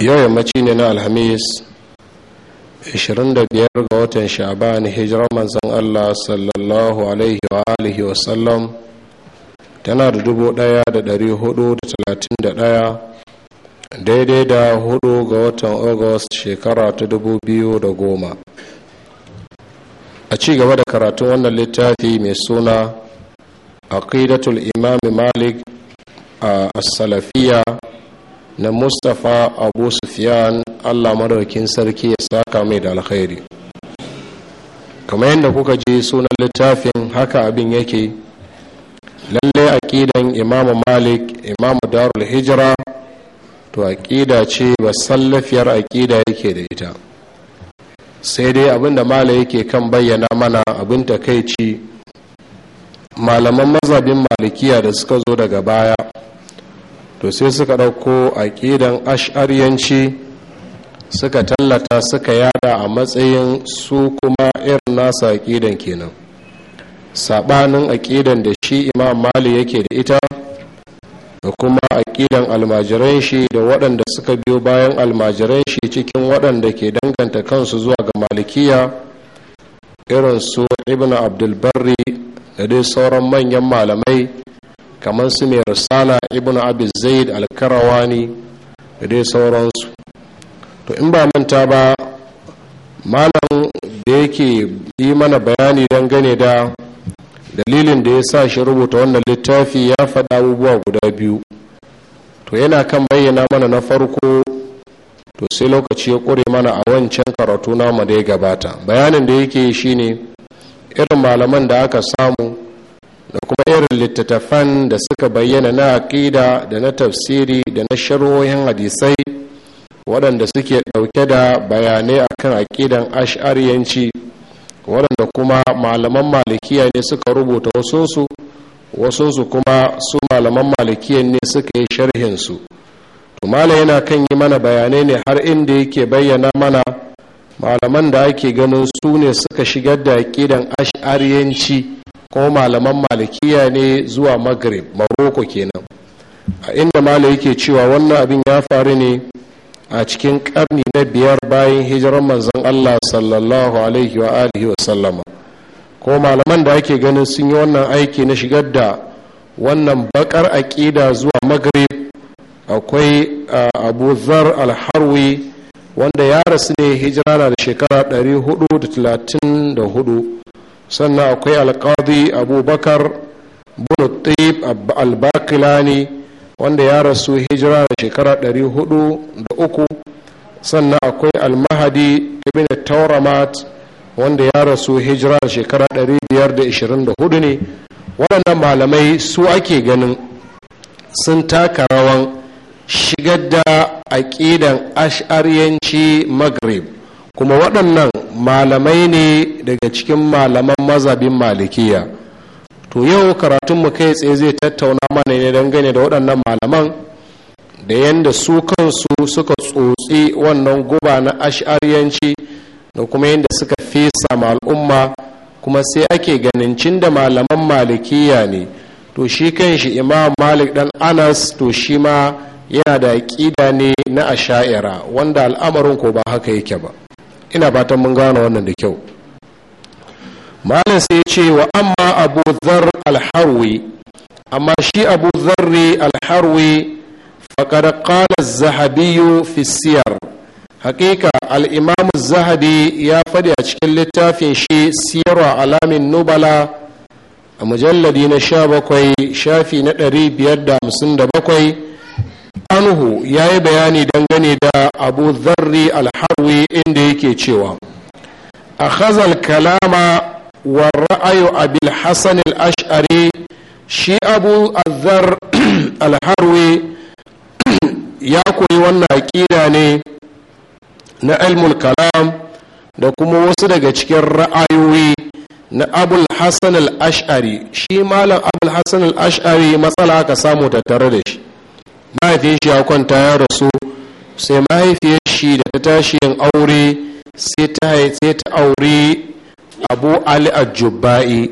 yau yammaci ne na alhamis 25 ga watan sha'ban hijirar manzan allah sallallahu alaihi wa alihi wasallam tana da 1431 daidai da hudu ga watan august shekara ta da goma. a ci gaba da karatun wannan littafi mai suna ƙidatul imam malik a salafiya na mustapha abu sufyan allah madaukin sarki ya saka mai da alkhairi kamar yadda kuka ji sunan littafin haka abin yake lalle aƙidan imamu malik imamu darul hijira to ƙida ce ba sallafiyar aƙida yake da ita sai dai abinda mala yake kan bayyana mana abin takaici malaman mazabin malikiya da suka zo daga baya to sai suka ɗauko aƙidan ash'ariyanci suka tallata suka yada a matsayin su kuma irin nasa aƙidan kenan saɓanin aƙidan da shi imam mali yake da ita da kuma aƙidan almajiran shi da waɗanda suka biyo bayan almajiran shi cikin waɗanda ke danganta kansu zuwa ga malikiya irin su ibn abdulbarri da dai sauran manyan malamai kamar su mai risala ibn abu zaid alkarawani da dai sauransu to in ba manta ba malam da yake yi mana bayani don gane da dalilin da ya sa shi rubuta wannan littafi ya faɗa abubuwa guda biyu to yana kan bayyana mana na farko to sai lokaci ya ƙure mana a wancan karatu namu da ya gabata bayanin da yake shine irin malaman da aka samu da kuma irin littattafan da suka bayyana na aƙida da na tafsiri da na sharhohin hadisai waɗanda suke ɗauke da bayanai akan aƙidan ash'ariyanci waɗanda kuma malaman malikiya ne suka rubuta wasunsu wasunsu kuma su malaman malikiyan ne suka yi sharhinsu tumala yana kan yi mana bayanai ne har inda yake bayyana mana malaman da ake ganin su ne suka shigar da aƙidan ash'ariyanci ko malaman malakiya ne zuwa maghrib maroko kenan a inda malam yake cewa wannan abin ya faru ne a cikin karni na biyar bayan hijiran manzon allah sallallahu alaihi wa alihi wa sallama ko malaman da ake ganin sun yi wannan aiki na shigar da wannan bakar aƙida zuwa maghrib akwai abu zar alharwi wanda ya rasu ne hijira na da shekara 434 sannan akwai alkadi abubakar bin albakilani wanda ya rasu hijira da shekara 403 sannan akwai almahadi ibn tauramat wanda ya rasu hijira da shekara 524 ne waɗannan malamai su ake ganin sun taka rawan shigar da aƙidan ash'ariyanci Magreb kuma waɗannan malamai ne daga cikin malaman mazabin malikiya to yau karatunmu kai tsaye zai tattauna mana ne dangane da waɗannan malaman da yadda su kansu suka tsotsi wannan guba na ash'ariyanci da kuma yadda suka fesa ma al'umma kuma sai ake ganin cin da malaman malikiya ne to shi kan shi imam malik dan anas to shi ma yana da ƙida ne na asha'ira wanda al'amarin ko ba haka yake ba ina fatan mun gane wannan da kyau malam sai ya ce wa amma abu zar alharwi amma shi abu zarri alharwi faƙar ƙala zahabiyu fisiyar siyar hakika al'imamu zahabi ya faɗi a cikin littafin shi siyarwa alamin nubala a mujalladi na sha shafi na 557 anhu ya yi bayani dangane da abu zarri alharwi inda yake cewa a khazal kalama wa ra'ayu abil hasan al-ash'ari shi abu zar alharwi ya koyi wannan aƙida ne na ilmul kalam da kuma wasu daga cikin ra'ayoyi na abul hasan al-ash'ari shi malam abul hasan al-ash'ari matsala ka samu tattare da shi mahaifinshi shi ya kwanta ya rasu sai mahaifiyar shi da ta tashi yin aure sai ta aure abu ali ajubai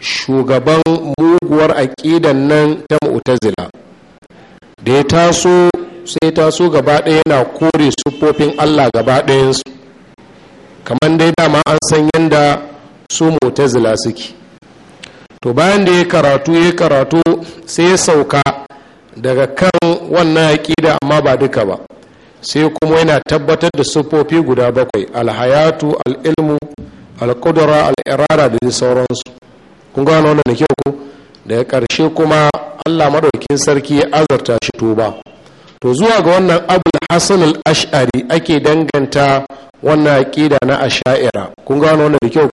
shugaban muguwar aƙidan nan ta mu'tazila da ya taso sai taso gaba ɗaya na kore sufofin allah gaba ɗayansu kamar dai dama an san yadda su mu'tazila suke to bayan da ya karatu ya karatu sai ya sauka daga kan wannan aƙida amma ba duka ba sai kuma yana tabbatar da siffofi guda bakwai alhayatu al'ilmu alƙudura al'irada da sauransu kun gano wannan da kyau ku daga ƙarshe kuma allah maɗaukin sarki ya azarta shi ba to zuwa ga wannan abul hasan al'ash'ari ashari ake danganta wannan aƙida na asha'ira kun gano wannan da kyau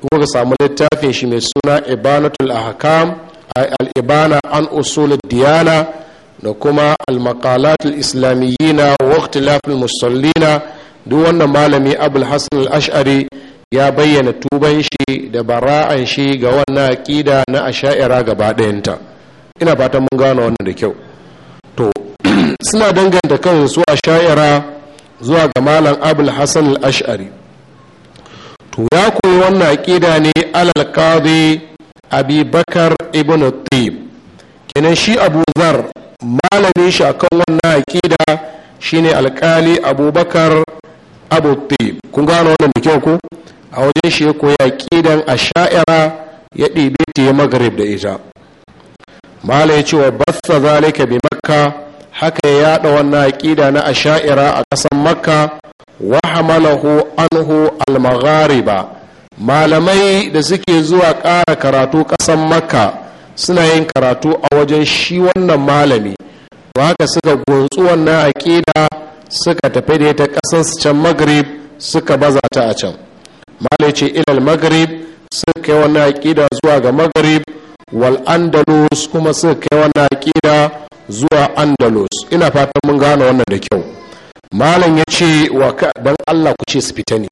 ku ka samu littafin shi mai suna ibanatul ahkam al'ibana an usul diyana da kuma al-maqalat islamiyyina wa ikhtilaf musallina duk wannan malami abul hasan al-ash'ari ya bayyana tuban shi da bara'an shi ga wannan aqida na asha'ira gaba ɗayanta ina fatan mun gane wannan da kyau to suna danganta kansu su asha'ira zuwa ga malam abul hasan al-ash'ari to ya koyi wannan aqida ne alal qadi abi bakar ibn tayyib kenan shi abu zar malami shi akan wannan aƙida shine alkali abubakar abu tayyib kun gano wannan da kyau ko a wajen shi ya koya aƙidan a sha'ira ya dibe ta ya magarib da ita mala ya ce wa bassa zalika bi makka haka ya yada wannan aƙida na asha'ira a kasan makka wa hamalahu anhu al-maghariba malamai da suke zuwa ƙara karatu ƙasan makka suna yin karatu a wajen shi wannan malami ba haka suka gunsu wannan aƙida suka tafi da ta ƙasar can maghrib suka baza ta a can malai ce ilal maghrib suka kai wannan aƙida zuwa ga maghrib wal andalus kuma suka kai wannan aƙida zuwa andalus ina fatan mun gane wannan da kyau malam ya ce wa dan allah ku ce su fita ne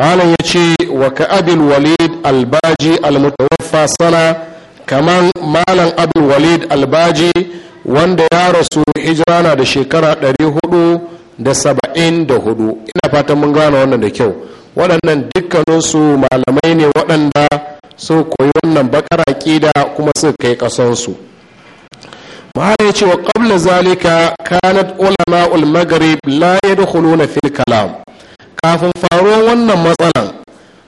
malam ya ce wa ka abin walid albaji almutawaffa sana kamar malam abin walid albaji wanda ya rasu hijira na da shekara 474 ina fatan mun gane wannan da kyau waɗannan dukkaninsu malamai ne waɗanda sun koyi wannan bakar ƙida kuma sun kai ƙasansu mahala ya ce wa ƙabla zalika kanat ulama ulmagari maghrib la da fil kalam kafin faruwar wannan matsalan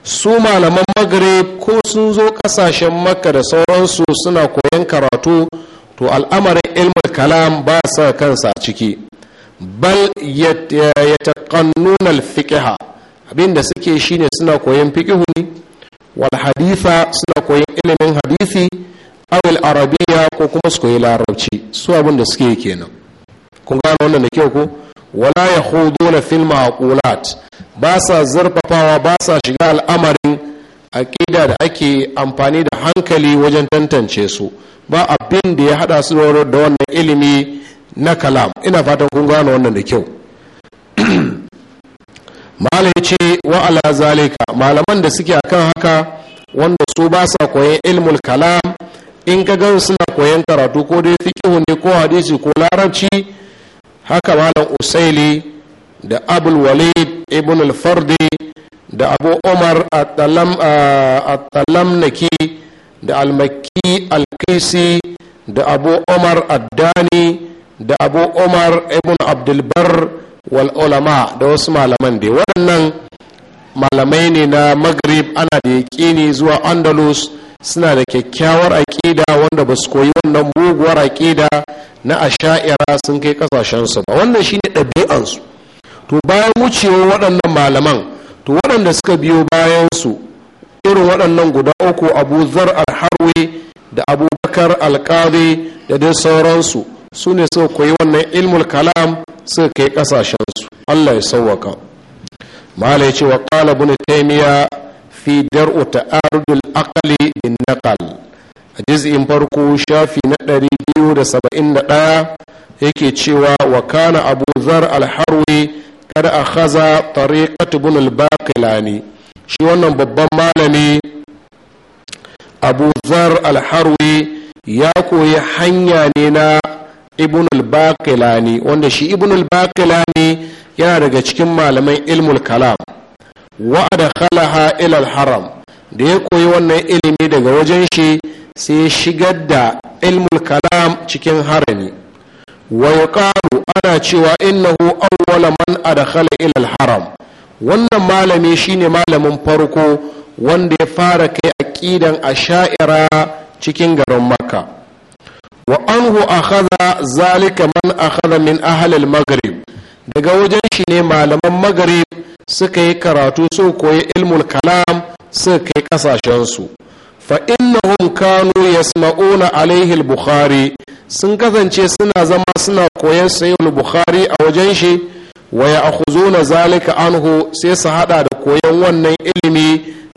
su malaman magare, ko sun zo kasashen makka da sauransu suna koyon karatu to al'amarin ilmul kalam ba sa kansa a ciki bal ya taƙannun alfiƙiha abinda suke shine suna koyon fiƙihu ne wal haditha suna koyon ilimin hadithi awil arabiya ko kuma su koyi larabci su abinda suke kenan kun gano wannan da kyau ko wala ya hudu na filma a kulat ba sa zurfafawa ba sa shiga al'amarin aƙida da ake amfani da hankali wajen tantance su ba abin da ya haɗa su da wannan ilimi na kalam ina fatan kun gano wannan da kyau malam ya ce wa ala zalika malaman da suke akan haka wanda su ba sa koyan ilmul kalam in ka gan suna koyan karatu ko dai fiqhu ne ko hadisi ko larabci haka malam usaili da abul walid ibn al da abu umar at-talamnaki uh, da al-makki al kisi da abu umar ad da abu umar ibn abdulbar wal da wasu malaman dai waɗannan malamai ne na maghrib ana da yaƙini zuwa andalus suna da kyakkyawar aƙida wanda ba su koyi wannan muguwar aƙida na asha'ira sun kai su ba wannan shine ɗabi'ansu to bayan wucewar waɗannan malaman to waɗanda suka biyo bayansu irin waɗannan guda uku abu zar alharwe da abubakar alkali da dai sauransu su ne suka koyi wannan ilmul kalam suka kai kasashensu allah ya sauwaka malai ce wa ƙala bin taimiya fi dar'u ta'arudul akali bin naqal a in farko shafi na ɗari 271 yake cewa wa kana abu zar alharwi kada a haza tariqat ibn al shi wannan babban malami abu zar alharwi ya koyi hanya ne na ibn al-baqilani wanda shi ibn al-baqilani yana daga cikin malaman ilmul kalam wa adkhalaha ila al-haram da ya koyi wannan ilimi daga wajen shi sai ya shigar da ilmul kalam cikin harami wa ƙaru ana cewa innahu awwala man adkhala ila ilal haram wannan malami shine malamin farko wanda ya fara kai aqidan asha'ira cikin garin makka wa anhu akhadha zalika man akhadha min ahli al-maghrib daga wajen shi ne malaman maghrib suka yi karatu su koyi ilmul kalam suka kai kasashensu fa innahum kanu yasma'una alaihi al-bukhari sun kasance suna zama suna koyan sayyid bukhari a wajen shi wa ya'khuzuna zalika anhu sai su hada da koyan wannan ilimi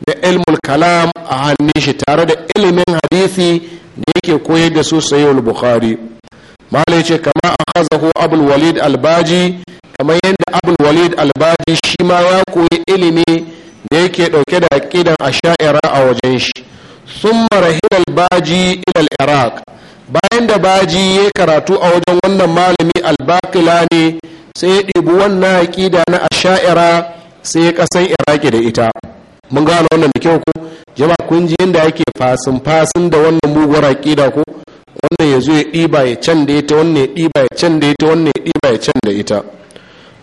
da ilmul kalam a hannun shi tare da ilimin hadisi da yake koyar da su sayyid bukhari malai ce kama akhazahu abul walid albaji kamar yadda abul walid albaji shi ma ya koyi ilimi da yake dauke da aqidan asha'ira a wajen shi sun marahilal baji ilal iraq bayan da baji ya karatu a wajen wannan malami albakila ne sai ya ɗibi wannan aƙida na asha'ira sai ya ƙasan iraki da ita mun gano wannan da kyau ko jama'a kun ji yadda ake fasin fasin da wannan muguwar aƙida ko wannan ya zo ya ɗiba ya can da ita wannan ya ɗiba ya can da ita wannan ya ɗiba ya can da ita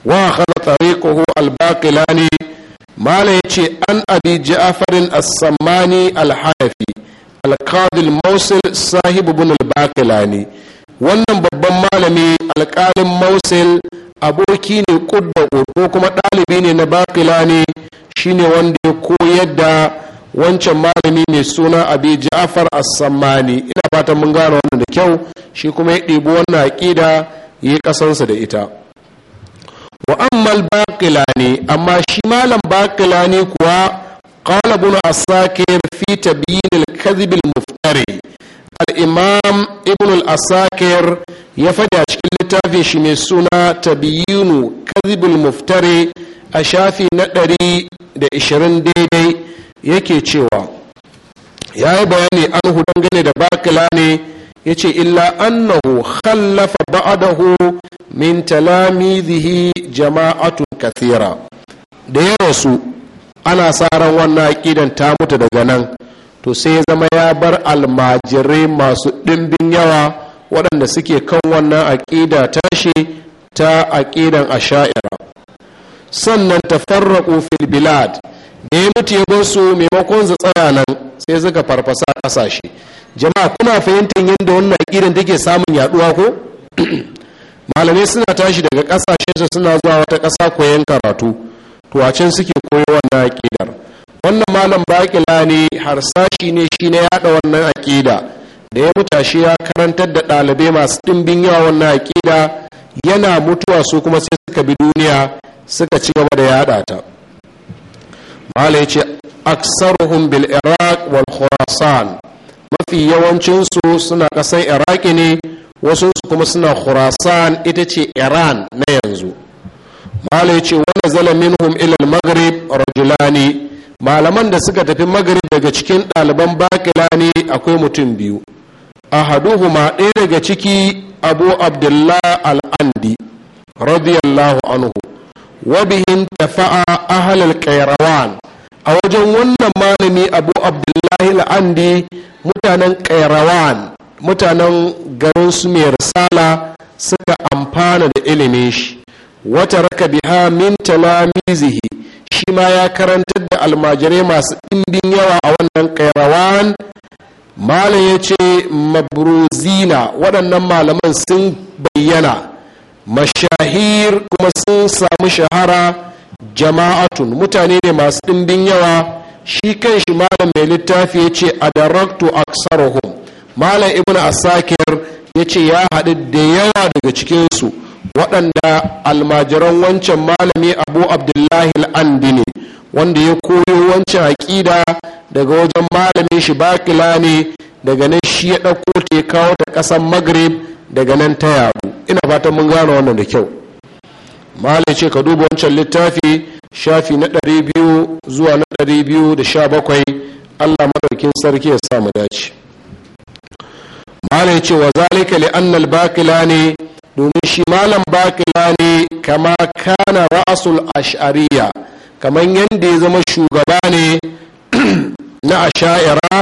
wa akhadha ko albakila ne. mala ya ce an abi ja'afarin as-sammani al-hanafi alkadil mausil sahibu bin al-baqilani wannan babban malami alkalin mausil aboki ne kudda ko kuma ɗalibi ne na shi shine wanda ya koyar da wancan malami mai suna abi ja'afar as-sammani ina fatan mun gane wannan da kyau shi kuma ya ɗibi wannan aƙida ya yi ƙasansa da ita wa ammal baqilani amma shi malam baqilani kuwa qala ibn asakir fi tabyin al-kadhib al-muftari al-imam ibn al-asakir ya fada cikin littafin shi mai suna tabiyinu kadhib al-muftari a shafi na ɗari da ishirin daidai yake cewa ya yi bayani an hudangane da bakila ya ce illa annahu khallafa ba'adahu min talamizihi jama'atun kathira da yawa su ana sa ran wannan aqidan ta mutu daga nan to sai zama ya bar almajirai masu ɗimbin yawa waɗanda suke kan wannan aƙida tashi ta aƙidan asha'ira sannan tafarraqu fil bilad da ya mutu ya bar su maimakon su tsaya nan sai suka farfasa kasashe jama'a kuna fahimtar yadda wannan aƙidan take samun yaduwa ko malamai suna tashi daga kasashen su suna zuwa wata kasa koyon karatu to a can suke koyo wannan aƙidar wannan malam bakila ne harsashi ne shi ne yada wannan aƙida da ya mutashi ya karantar da ɗalibai masu ɗimbin yawa wannan aƙida yana mutuwa su kuma sai suka bi duniya suka ci gaba da yaɗa ta malai ce aksaruhum bil iraq wal khurasan mafi yawancinsu suna ƙasar iraki ne wasu kuma suna khurasan ita ce iran na yanzu malai ce wani zala minhum ilal maghrib rajulani malaman da suka tafi maghrib daga cikin ɗaliban bakilani akwai mutum biyu ahaduhuma ɗaya daga ciki abu abdullah al'andi radiyallahu anhu wabihin tafa'a ahlul kairawan a wajen wannan malami abu abdullahi la'andi mutanen kairawan mutanen garin su mai risala suka amfana da ilimin shi wata raka biha min talamizihi shi ma ya karantar da almajirai masu ɗimbin yawa a wannan kairawan malam ya ce mabruzina waɗannan malaman sun bayyana mashahir kuma sun samu shahara jama'atun mutane ne masu ɗimbin yawa shi kan shi malam mai littafi ya ce a daraktu aksaruhum malam ibn asakir ya ce ya haɗu da yawa daga cikinsu waɗanda almajiran wancan malami abu abdullahi al'andi ne wanda ya koyo wancan aƙida daga wajen malamin shi bakila ne daga nan shi ya ɗauko ta kawo ta ƙasar magrib daga nan ta yabu ina fatan mun gane wannan da kyau malai ce ka duba wancan littafi shafi na ɗari biyu zuwa na ɗari biyu da sha bakwai allah maɗaukin sarki ya samu dace malai ce wa zalika li annal bakila ne domin shi malam bakila ne kama kana ra'asul ash'ariya kamar yadda ya zama shugaba ne na asha'ira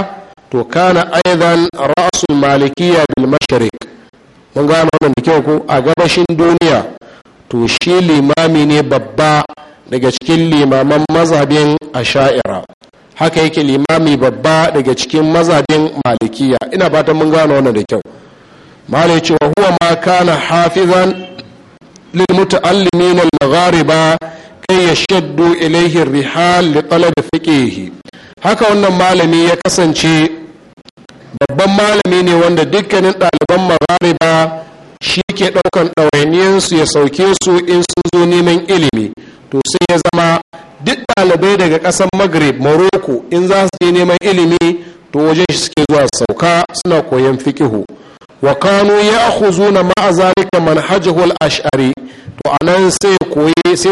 to kana aidan ra'asul malikiya bil mashariq mun ma wannan da kyau ko a gabashin duniya to shi limami ne babba daga cikin limaman mazabin asha'ira haka yake limami babba daga cikin mazabin malikiya ina ta mun gano wannan da kyau malai cewa huwa ma kana hafizan lil muta'allimin al-maghariba kai ya shaddu ilaihin rihal li talab fiqihi haka wannan malami ya kasance babban malami ne wanda dukkanin ɗaliban maghariba shi ke ɗaukan ɗawainiyansu ya sauke su in sun zo neman ilimi to sai ya zama duk ɗalibai daga ƙasar maghrib morocco in za su je neman ilimi to wajen shi suke zuwa sauka suna koyon fikihu wa kanu ya na ma'a zalika manhajahul ash'ari to a nan sai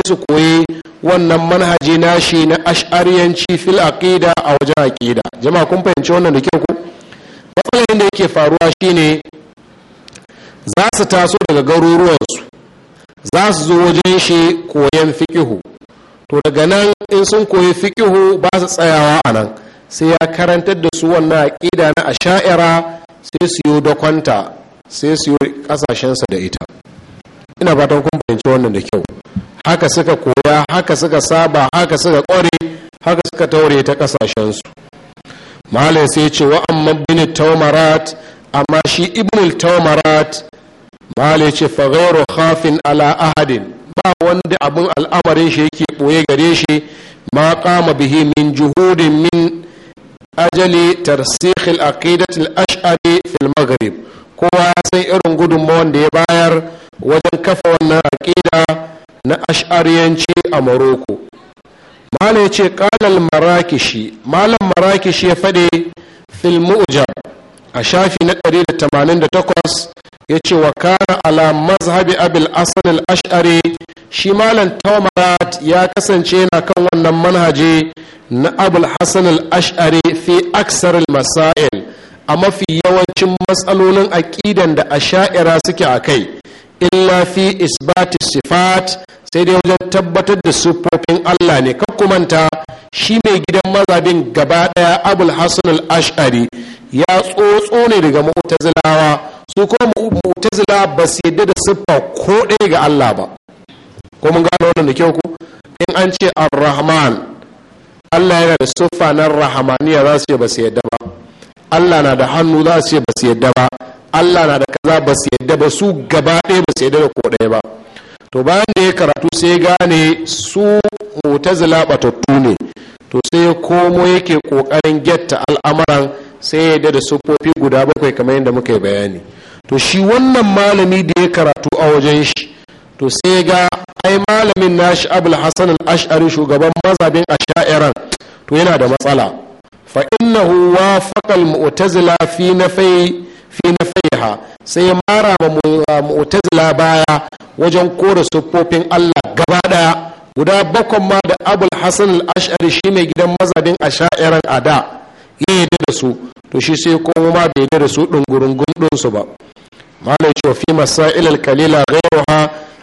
su koyi wannan manhaji nashi na ash'ariyanci fil aƙida a wajen aƙida jama'a kun fahimci wannan da kyau ku. matsalar da yake faruwa shine za su taso daga garuruwansu za su zo wajen shi koyan fikihu to daga nan in sun koyi fikihu ba su tsayawa a nan sai ya karantar da su wannan aƙida na sha'ira sai su yi dakwanta sai su yi ƙasashensa da ita ina fatan kun fahimci wannan da kyau haka suka koya haka suka saba haka suka ƙware haka suka taure ta ƙasashensu malai sai ce wa amma bin taumarat amma shi ibnul taumarat mala ce fagairu khafin ala ahadin ba wanda abin al'amarin shi yake ɓoye gare shi ma kama bihi min juhudin min ajali tarsikhil aqidatil ash'ari fil maghrib kowa ya san irin gudunmawan da ya bayar wajen kafa wannan aqida na ash'ariyanci a maroko malam ce kalal marakishi malam marakishi ya fade fil mu'jam a shafi na 188 ya ce wa kana ala mazhabi abil asal ash'ari shi malam tawmarat ya kasance yana kan wannan manhaji na abul hasan al-ash'ari fi aksar al-masail a mafi yawancin matsalolin aƙidan da a sha'ira suke a kai illa fi isbat sifat sai dai wajen tabbatar da siffofin Allah ne kakkumanta shi mai gidan mazabin gaba ɗaya abul hasan al-ash'ari ya tsotso ne daga mu'tazilawa su kuma mu'tazila ba su yadda da siffa ko ɗaya ga Allah ba ko mun gano wannan da kyau ku in an ce ar-rahman Allah yana da siffa na ya za su ce ba su yadda ba Allah na da hannu za su ce ba su yadda ba Allah na da kaza ba su yadda ba su gaba ɗaya ba su yadda da ko ɗaya ba to bayan da ya karatu sai gane su mutazila batattu ne to sai ya komo yake kokarin getta al'amuran sai ya da sufofi guda bakwai kamar yadda muka yi bayani to shi wannan malami da ya karatu a wajen shi to sai ga ai malamin nashi abul hasan al-ash'ari shugaban mazhabin ash'airan to yana da matsala fa innahu wafaqa al-mu'tazila fi nafai fi nafaiha sai ya mara ma ah, mu'tazila baya wajen kore siffofin Allah gaba daya guda bakon ma da abul hasan al-ash'ari shine gidan mazhabin ash'airan ada ya yarda da su to shi sai kuma ma bai da su ɗungurungun su ba malai cewa fi masail alkalila ghairuha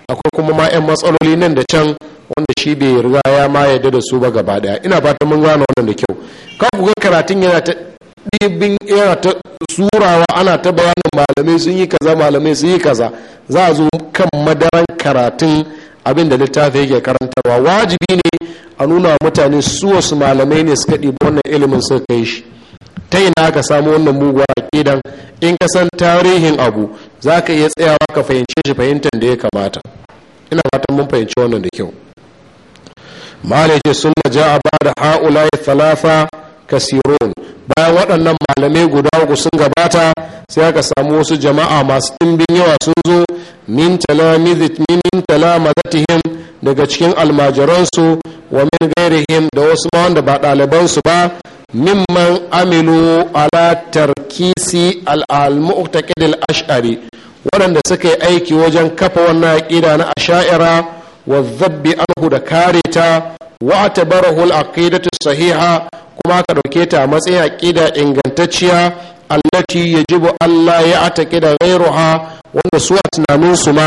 akwai kuma ma yan matsaloli nan da can wanda shi bai riga ya ma yadda da su ba gaba daya ina fata mun gane wannan da kyau ka ku ga karatun yana ta ɗibin yana ta surawa ana ta bayanin malamai sun yi kaza malamai sun yi kaza za a zo kan madaran karatun abin da littafi yake karantarwa wajibi ne a nuna mutane su wasu malamai ne suka ɗibi wannan ilimin suka kai shi ta ina ka samu wannan muguwa kidan in ka san tarihin abu za ka iya tsayawa ka fahimce shi fahimtar da ya kamata ina fatan mun fahimci wannan da kyau malaki sunna ba da ha'ula'i falafa kasirun bayan waɗannan malamai guda uku sun gabata sai aka samu wasu jama'a masu ɗimbin yawa sun zo min mazatihin daga cikin almajiransu wa min gairihim da wasu ma wanda ba ɗalibansu ba mimman aminu ala tarkisi al-mu'taqid ashari waɗanda suka yi aiki wajen kafa wannan aqida na asha'ira wa zabbi anhu da kare ta wa atabarahu al sahiha kuma ka ɗauke ta matsayin aƙida ingantacciya allati bu Allah ya ataqida ghayruha wanda su a tunanin su ma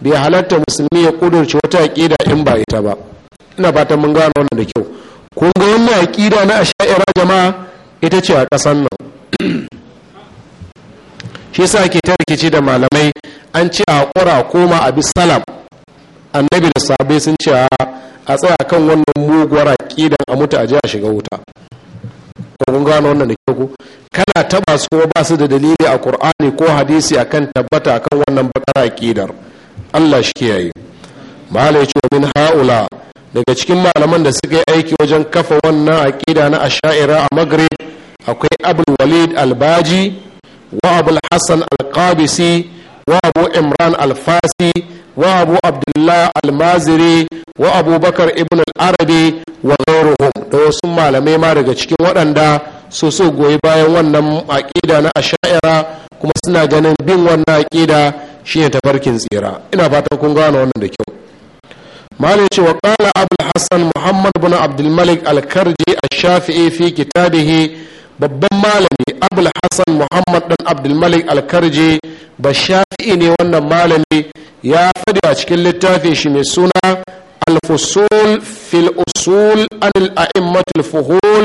bai halatta musulmi ya ƙudurci wata aƙida in ba ita ba ina fatan mun gano wannan da kyau wani aƙida na asha'ira jama'a ita ce a ƙasar nan shi sa ke ta rikici da malamai an ce a ƙura koma a bi salam annabi da sabai sun ce a tsaya kan wannan muguwar aƙidan a mutu a ji a shiga wuta kun gano wannan da kyau kana taba su ba su da dalili a kur'ani ko hadisi akan tabbata akan wannan bakar aqidar Allah shi kiyaye halayci wa min haula daga cikin malaman da suka yi aiki wajen kafa wannan aƙida na asha'ira a maghrib akwai abul walid albaji wa abul hassan alqabisi wa abu imran alfasi wa abu abdullah almaziri wa abubakar ibn al'arabi wa zauruhun da wasu malamai ma daga cikin waɗanda so so goyi bayan wannan aƙida na asha'ira kuma suna ganin bin wannan aƙida shine tafarkin tsira ina fatan kun gane wannan da kyau malam ce wa qala abul hasan muhammad bin abdulmalik al-karji ash-shafi'i fi kitabihi babban malami abul hasan muhammad dan abdulmalik al-karji ba shafi'i ne wannan malami ya faɗi a cikin littafin shi mai suna الفصول في الأصول عن الأئمة الفهول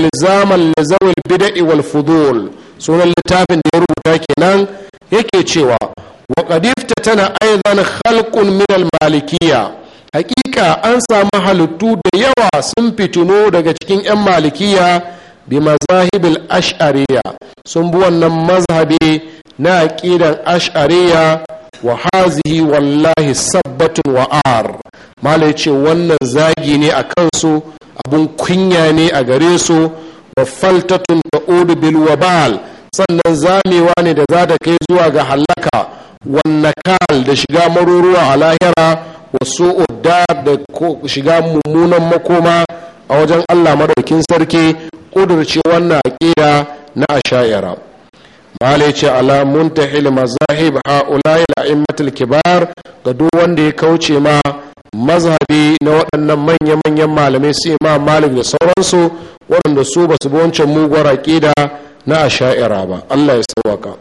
إلزاما Sunan البدع والفضول سنة اللتاف يربط كنان يكي تشوى وقد افتتن أيضا خلق من المالكية hakika an samu halittu da yawa sun fitino daga cikin 'yan malikiya bi mazahibil ash'ariya sun bi wannan mazhabi na aƙidan ash'ariya wa hazihi wallahi sabbatun wa'ar malai ce wannan zagi ne a kansu abun kunya ne a gare su wa faltatun ta'udu bil wabal sannan zamewa ne da za ta kai zuwa ga halaka wannan kal da shiga maruruwa a lahira wasu da da shiga mummunan makoma a wajen allah madaukin sarki ƙudurce wannan aƙida na asha'ira malai ce alamun ta ilma zahib ha'ulai la'immatul kibar ga duk wanda ya kauce ma mazhabi na waɗannan manya-manyan malamai su ma malik da sauransu waɗanda su ba su bi wancan muguwar aƙida na asha'ira ba allah ya sauwaka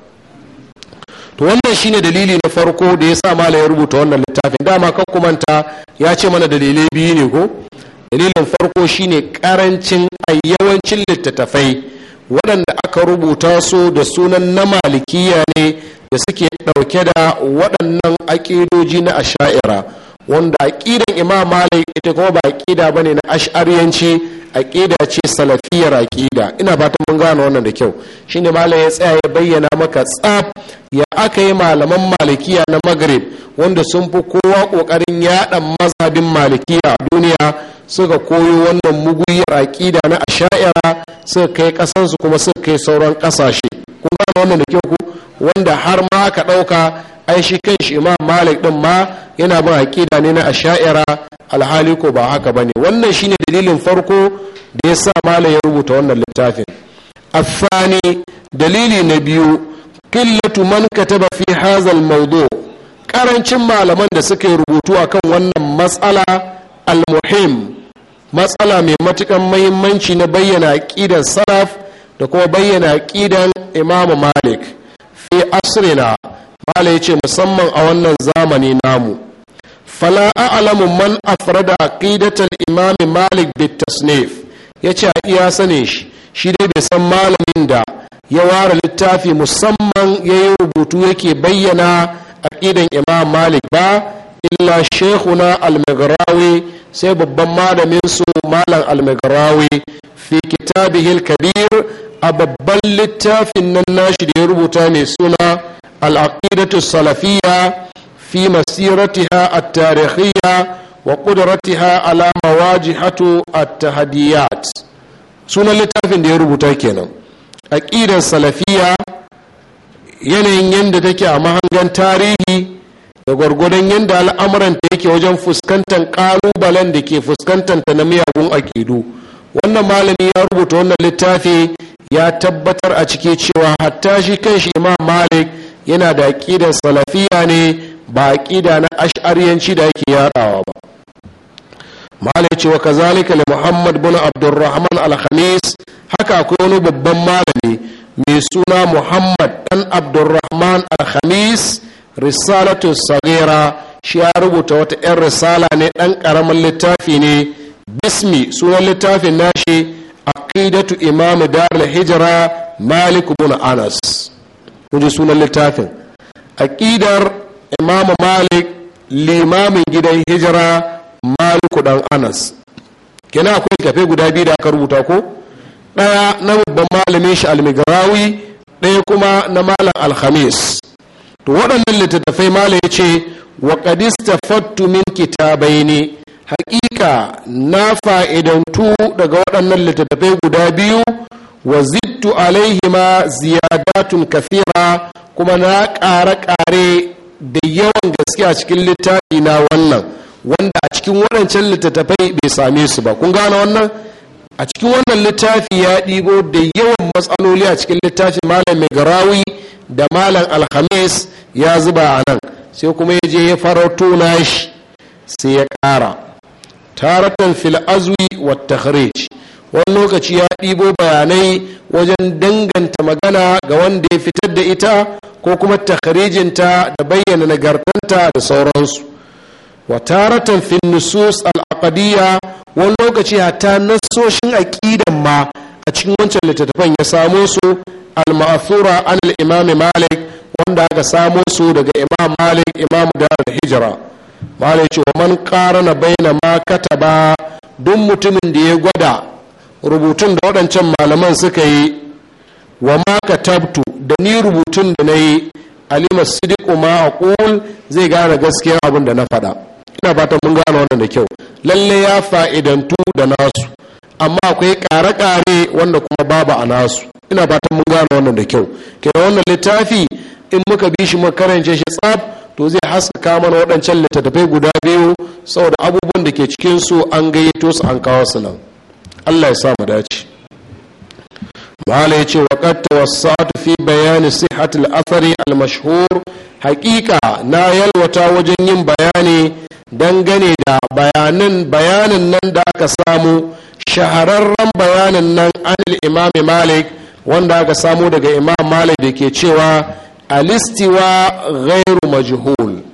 to wannan shine dalili na farko da ya sa malam ya rubuta wannan littafin dama kan kumanta ya ce mana dalilai biyu ne ko dalilin farko shine karancin a yawancin littattafai waɗanda aka rubuta su da sunan na malikiya ne da suke ɗauke da waɗannan aƙidoji na asha'ira wanda aqidan imam malik ita kuma ba aqida bane na ash'ariyanci aqida ce salafiyar aqida ina fatan mun gane wannan da kyau shine malam ya tsaya ya bayyana maka tsaf ya aka yi malaman malikiya na maghrib wanda sun fi kowa kokarin yada mazhabin malikiya a duniya suka koyo wannan muguyar aqida na asha'ira suka kai kasansu kuma suka kai sauran ƙasashe. kun gane wannan da kyau ku wanda har ma ka ɗauka. ai shi kanshi imam malik din ma yana bin aqida ne na asha'ira alhali ko ba haka bane wannan shine dalilin farko da yasa malik ya rubuta wannan littafin afani dalili na biyu qillatu man kataba fi hadha almawdu karancin malaman da suka yi rubutu akan wannan matsala almuhim matsala mai matukan mahimmanci na bayyana aqidar salaf da kuma bayyana aqidan imam malik fi asrina malam ya ce musamman a wannan zamani namu fala a'lamu man afrada aqidatal imam malik bit tasnif yace a iya sane shi shi dai bai san malamin da ya ware littafi musamman ya yi rubutu yake bayyana aqidan imam malik ba illa shekuna almagrawi sai babban malamin su malam almagrawi fi kitabihi kabir a babban littafin nan nashi da ya rubuta mai suna العقيدة السلفية في مسيرتها التاريخية وقدرتها على مواجهة التحديات سنة ya دي ربو تاكينا عقيدة السلفية yanayin yadda take a mahangan tarihi da gwargwadon yadda al'amuran al'amuranta yake wajen fuskantar ƙalubalen da ke ta na miyagun akidu wannan malami ya rubuta wannan littafi ya tabbatar a cike cewa hatta shi kan shi imam malik yana da aƙidar salafiya ne ba aƙida na ash'ariyanci da yake yadawa ba malai cewa kazalika li muhammad bin abdurrahman al-khamis haka akwai wani babban malami mai suna muhammad dan abdurrahman al-khamis risalatu sagira shi ya rubuta wata 'yan risala ne dan karamin littafi ne bismi sunan littafin nashi aqidatu imam dar hijra malik bin anas kunji sunan littafin aƙidar imamu malik limamin gidan hijira maliku dan anas kina akwai tafe guda biyu da aka rubuta ko ɗaya na babban malamin shi almigrawi ɗaya kuma na malam alhamis to waɗannan littattafai malam ya ce wa ƙadista fattu min kitabai ne haƙiƙa na fa'idantu daga waɗannan littattafai guda biyu wa zittu alaihima ziyadatun kafira kuma na ƙare-ƙare da yawan gaske a cikin littafi na wannan wanda a cikin waɗancan littattafai bai same su ba kun gane wannan a cikin wannan littafi ya ɗibo da yawan matsaloli a cikin littafin malam mai megarawi da malam alhamis ya zuba a nan sai kuma ya je ya farauto shi sai ya ƙara taratan fil azwi wa wani lokaci ya ɗibo bayanai wajen danganta magana ga wanda ya fitar da ita ko kuma takharijinta da bayyana nagartanta da sauransu wa taratan fin nusus al'aqadiyya wani lokaci hatta nassoshin aƙidan ma a cikin wancan littattafan ya samo su al-ma'thura an al-imam malik wanda aka samo su daga imam malik imam al hijra malik ce wa man qarana bayna ma kataba duk mutumin da ya gwada rubutun da waɗancan malaman suka yi wa maka tabtu da ni rubutun da na yi alimar sidiq ma aqul zai gane gaskiya abin da na faɗa ina fatan mun gane wannan da kyau lalle ya fa'idantu da nasu amma akwai ƙare-ƙare wanda kuma babu a nasu ina fatan mun gane wannan da kyau kenan wannan littafi in muka bi shi makarance shi tsaf to zai haskaka mana waɗancan littattafai guda biyu saboda abubuwan da ke cikin su an gayyato su an kawo su nan allah ya sa mu dace mahala ya ce wa katta wasatu fi bayani sihatul athari al-mashhur haƙiƙa na yalwata wajen yin bayani dangane da bayanin bayanin nan da aka samu shahararren bayanin nan anil imami malik wanda aka samu daga imam malik da ke cewa alistiwa ghairu majhul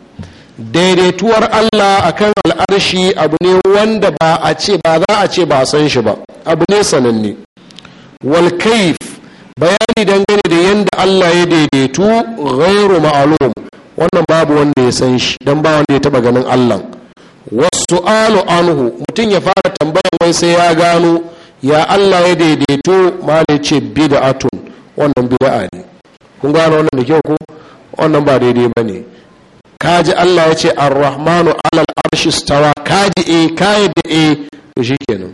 daidaituwar Allah akan al'arshi abu ne wanda ba a ce ba za a ce ba a san shi ba abu ne sananne walkaif bayani dangane da yadda Allah ya daidaitu gairu ma'alum wannan babu wanda ya san shi dan ba wanda ya taba ganin Allah wasu alu anhu mutum ya fara tambayar wai sai ya gano ya Allah ya daidaito da ce atun wannan bid'a ne kun gano wannan da kyau ko wannan ba daidai bane ne kaji Allah ya ce ar-rahmanu alal arshi stawa kaji e kayi da e to shikenan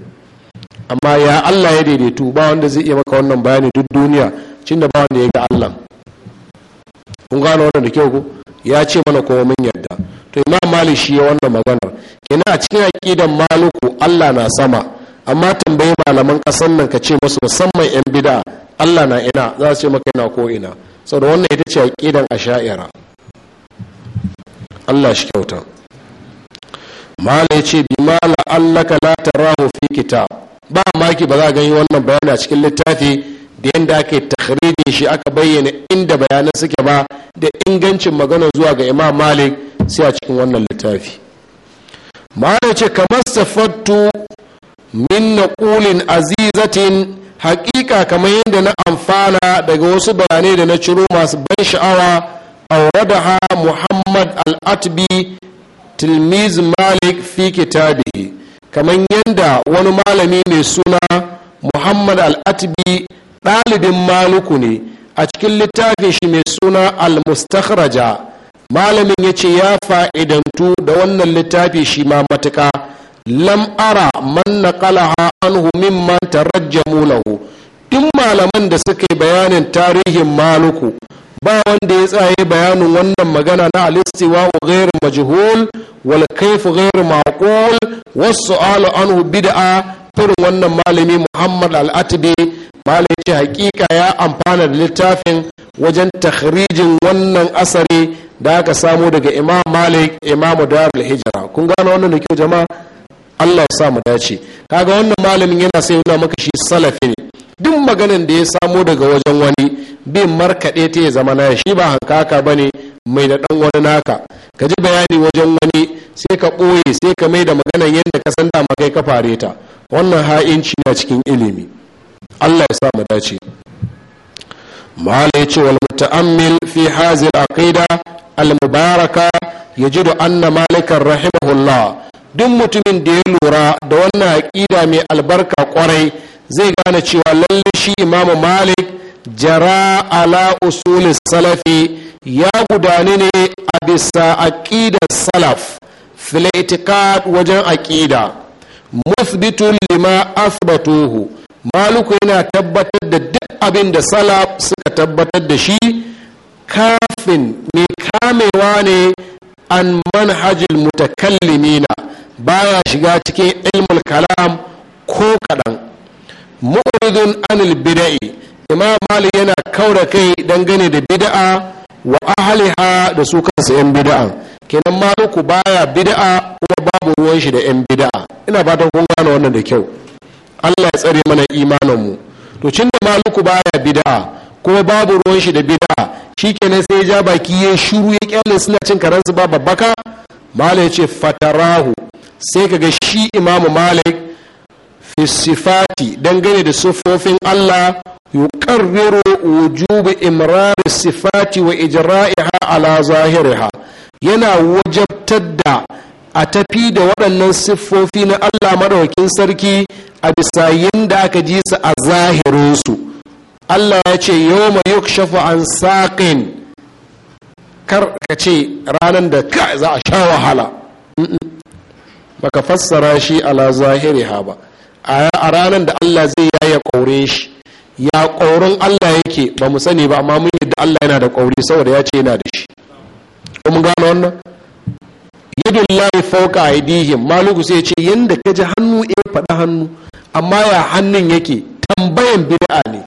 amma ya Allah ya daidaitu ba wanda zai iya maka wannan bayani duk duniya cin da ba wanda ya ga Allah kun gano wannan da kyau ko ya ce mana kuma mun yarda to imam malik shi ya wannan maganar kenan a cikin aqidan maluku Allah na sama amma tambayi malaman kasan nan ka ce musu musamman yan bid'a Allah na ina za su ce maka yana ko ina saboda wannan ita ce aqidan asha'ira allah shi kyauta mala ya ce bima la'allaka la tarahu fi kitab ba maki ba za a gani wannan bayani a cikin littafi da yadda ake takhrijin shi aka bayyana inda bayanan suke ba da ingancin magana zuwa ga imam malik sai a cikin wannan littafi mala ya ce kamar safattu min naqulin azizatin haƙiƙa kamar yadda na amfana daga wasu bayanai da na ciro masu ban sha'awa أوردها محمد الأتبي تلميذ مالك في كتابه كما يندى ونمالمي من سنة محمد الأتبي طالب مالكني أتكل shi من سنة المستخرجة malamin ya ce ya fa'idantu da wannan littafi shi ma matuka lam ara ƙalaha naqalaha anhu mimman tarajjamu lahu duk malaman da suka yi bayanin tarihin maluku ba wanda ya tsaye bayanin wannan magana na alistiwa wa ghairu majhul wal kayfu ghairu maqul was su'alu anhu bid'a turin wannan malami Muhammad al-Atibi malai ce hakika ya amfana da littafin wajen takhrijin wannan asari da aka samu daga Imam Malik imamu Darul Hijra kun gano wannan da kyau jama'a Allah ya sa mu dace kaga wannan malamin yana sai yana maka shi salafi ne duk maganan da ya samo daga wajen wani bin markaɗe ta ya zama na shi ba hankaka bane mai da ɗan wani naka ka ji bayani wajen wani sai ka ɓoye sai ka mai da maganan yadda ka san dama kai ka fare ta wannan ha'inci na cikin ilimi Allah ya sa mu dace malai yace wal muta'ammil fi hazil aqida al mubaraka yajidu anna malikan rahimahullah duk mutumin da ya lura da wannan aƙida mai albarka ƙwarai zai gane cewa lalle shi imamu malik jara ala usulin salafi ya gudane ne a bisa aƙidar salaf filaitikad wajen aƙida musbitun lima asbatuhu maluku yana tabbatar da duk abin da salaf suka tabbatar da shi kafin mai kamewa ne an manhajil mutakallimina baya shiga cikin ilmul kalam ko kaɗan mu'ridun anil bida'i imam malik yana kaura kai dangane da bid'a wa ahliha da su kansu yan bid'a kenan maliku baya bid'a kuma babu ruwan shi da yan bid'a ina fatan kun gane wannan da kyau Allah ya tsare mana imanin mu to cin da maliku baya bid'a kuma babu ruwan shi da bid'a shi kenan sai ya ja baki ya shuru ya kyale suna cin karansu ba babbaka malai ya ce fatarahu sai ka ga shi imamu malik fisifati dangane da sufofin allah yuqarriru wujuba imrari sifati wa ijra'iha ala zahiriha yana wajabtar da a tafi da waɗannan siffofi na allah maɗaukin sarki a bisa da aka ji su a zahirinsu Allah ya ce yau shafi an saƙin kar ka ce ranar da ka za a sha wahala baka fassara shi ala ha ba a ranar da Allah zai yaya ƙaure shi ya ƙaurin Allah yake ba mu sani ba amma mun yi da Allah yana da ƙauri saboda ya ce yana da shi mun gano wannan yadda layi fauka aidihim maluku sai ce yadda ka ji hannu ya faɗa hannu amma ya hannun yake tambayan bid'a ne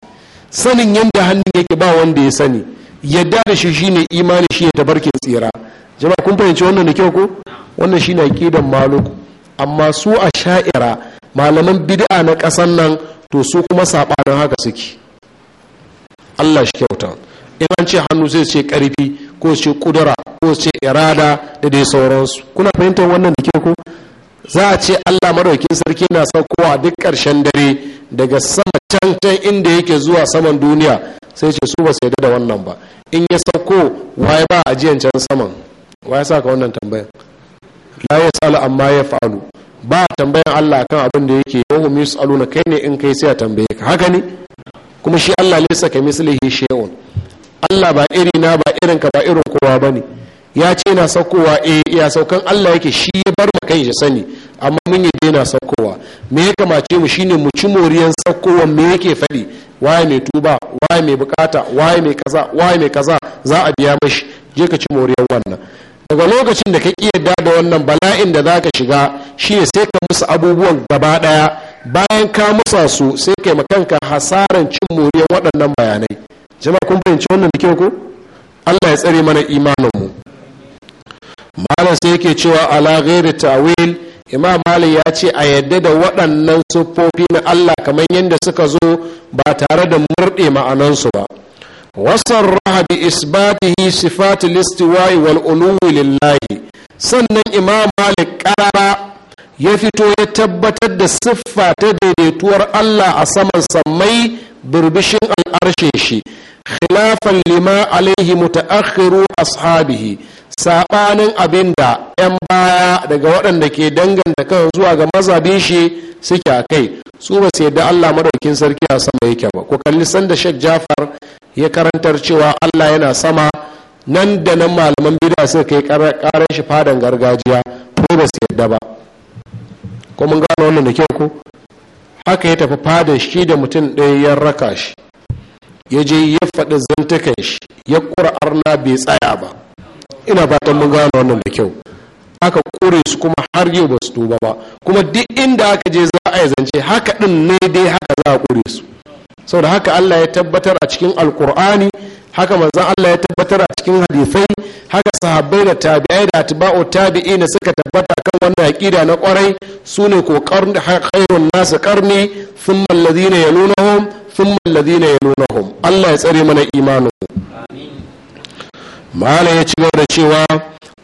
sanin yadda hannun yake ba wanda ya sani yadda da shi shine imani shi ya tabarkin tsira jama'a kun fahimci wannan da kyau ko wannan shine aqidan maluk amma su a sha'ira malaman bid'a na ƙasan nan to su kuma saɓanin haka suke Allah shi kyauta in ce hannu sai ce ƙarfi ko ce kudura ko ce irada da dai sauransu kuna fahimtar wannan da kyau ko za a ce Allah maraukin sarki na saukowa duk ƙarshen dare daga sama can can inda yake zuwa saman duniya sai ce su ba su yadda da wannan ba in ya sauko waye ba ajiyan can saman waye sa ka wannan tambayan la yasalu amma ya fa'alu ba tambayan Allah kan abin da yake mu hum yusaluna kai ne in kai sai a tambaye ka haka ne kuma shi Allah laysa ka mislihi shay'un Allah ba iri na ba irin ka ba irin kowa bane ya ce na saukowa eh ya saukan Allah yake shi ya bar ma kai ya sani amma mun yi daina saukowa me ya kamace mu shine mu ci moriyan saukowa me yake faɗi waye mai tuba waye mai bukata waye mai kaza waye mai kaza za a biya mashi je ka ci moriyan wannan daga lokacin da ka yarda da wannan bala'in da za ka shiga shine sai ka musu abubuwan gaba daya bayan ka musa su sai kai makanka hasaran cin moriyan waɗannan bayanai jama'a kun fahimci wannan da kyau Allah ya tsare mana imanin mu malam sai yake cewa ala ghairi ta'wil imam malik ya ce a yadda da waɗannan siffofi na allah kamar yadda suka zo ba tare da murɗe ma'anansu ba wasan rahabi isbatihi sifati listiwa'i wal uluwi lillahi sannan imam malik ƙara ya fito ya tabbatar da siffa ta daidaituwar allah a saman sammai birbishin al'arshe shi khilafan lima alaihi muta'akhiru ashabihi saɓanin abin da 'yan baya daga waɗanda ke danganta kan zuwa ga mazabin shi suke a kai su ba su yadda allah madaukin sarki a sama yake ba ku kalli sanda shek jafar ya karantar cewa allah yana sama nan da nan malaman bida suka kai karar shi fadan gargajiya ko ba su yadda ba ko mun gano wannan da kyau ko haka ya tafi fadan shi da mutum ɗaya ya raka shi ya je ya faɗi zantakan shi ya ƙura'ar na bai tsaya ba ina fatan mun gano wannan da kyau aka kore su kuma har yau ba su tuba ba kuma duk inda aka je za a yi zance haka din ne dai haka za a kore su saboda haka Allah ya tabbatar a cikin alkur'ani haka manzon Allah ya tabbatar a cikin hadisai haka sahabbai da tabi'ai da atba'u tabi'i ne suka tabbata kan wannan aqida na kwarai sune ko qarni khairun nasu qarni thumma alladhina yalunahum thumma alladhina yalunahum Allah ya tsare mana imanin amin malam ya ci gaba da cewa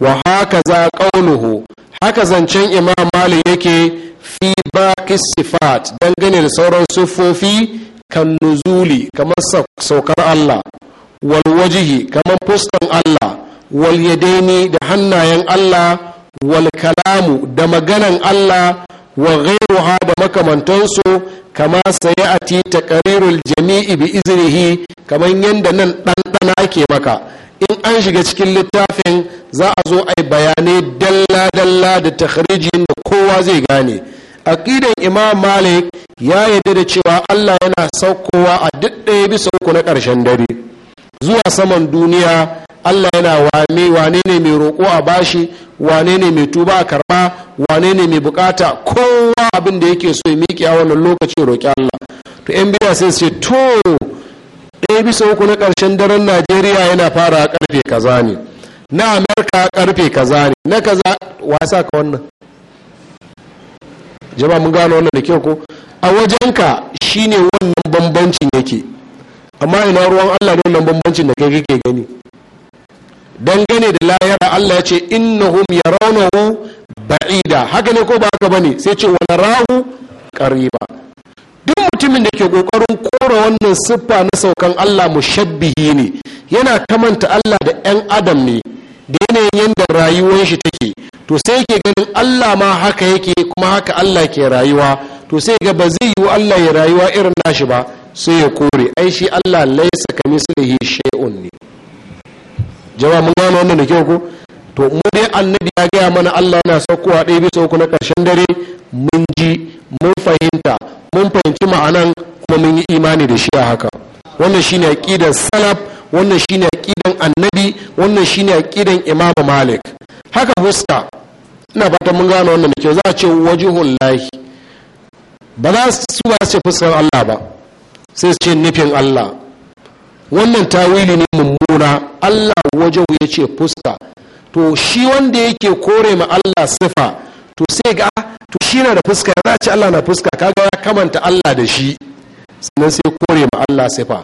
wa haka za ƙaunuhu haka zancen imam malam yake fi ba sifat dangane da sauran siffofi kan nuzuli kamar saukar allah walwajihi wajihi kamar fuskan allah wal yadaini da hannayen allah wal kalamu da maganan allah wa ghairuha da makamantansu kama sai a ti ta jami'i bi iznihi kamar yadda nan ɗanɗana ake maka in an shiga cikin littafin za a zo yi bayanai dalla-dalla da takharijin da kowa zai gane aqidan imam malik ya yarda da cewa allah yana saukowa a duk ɗaya bisa uku na ƙarshen dare zuwa saman duniya allah yana wane ne mai roƙo a bashi wane ne mai tuba a karba, wane ne mai bukata kowa abin da yake so ya miƙe a wannan lokaci roƙi allah to yan biya sai ce to ɗaya bisa uku na ƙarshen daren najeriya yana fara karfe kaza ne na amerika karfe kaza ne na kaza wasa ka wannan jama'a mun gano wannan da kyau ko a wajenka shine wannan bambancin yake amma ina ruwan allah ne wannan bambancin da kai kake gani dangane da layara allah ya ce innahum yarawnahu ba'ida haka ne ko ba haka ne sai ce wani rahu qariba duk mutumin da ke kokarin kora wannan siffa na saukan Allah mu shabbihi ne yana kamanta Allah da 'yan adam ne da yanayin yadda rayuwar shi take to sai ke ganin Allah ma haka yake kuma haka Allah ke rayuwa to sai ga ba zai yi Allah ya rayuwa irin nashi ba sai ya kore ai shi Allah laisa kamislihi shay'un ne Jawa mun gano wannan da kyau ko to mu dai annabi ya gaya mana Allah yana saukowa ɗaya bisa uku na karshen dare mun ji mun fahimta mun fahimci ma'anan kuma mun yi imani da shi a haka wannan shine aqidar salaf wannan shine aqidan annabi wannan shine aqidan imamu malik haka huska ina fata mun gano wannan da kyau za a ce wajihun lahi ba za su ba su ce fuskar Allah ba sai su ce nufin Allah wannan tawili ne mummuna Allah wajahu ya ce fuska to shi wanda yake kore ma Allah sifa to sai ga to shi na da fuska ya za ce Allah na fuska kaga ya kamanta Allah da shi sannan sai kore ma Allah sifa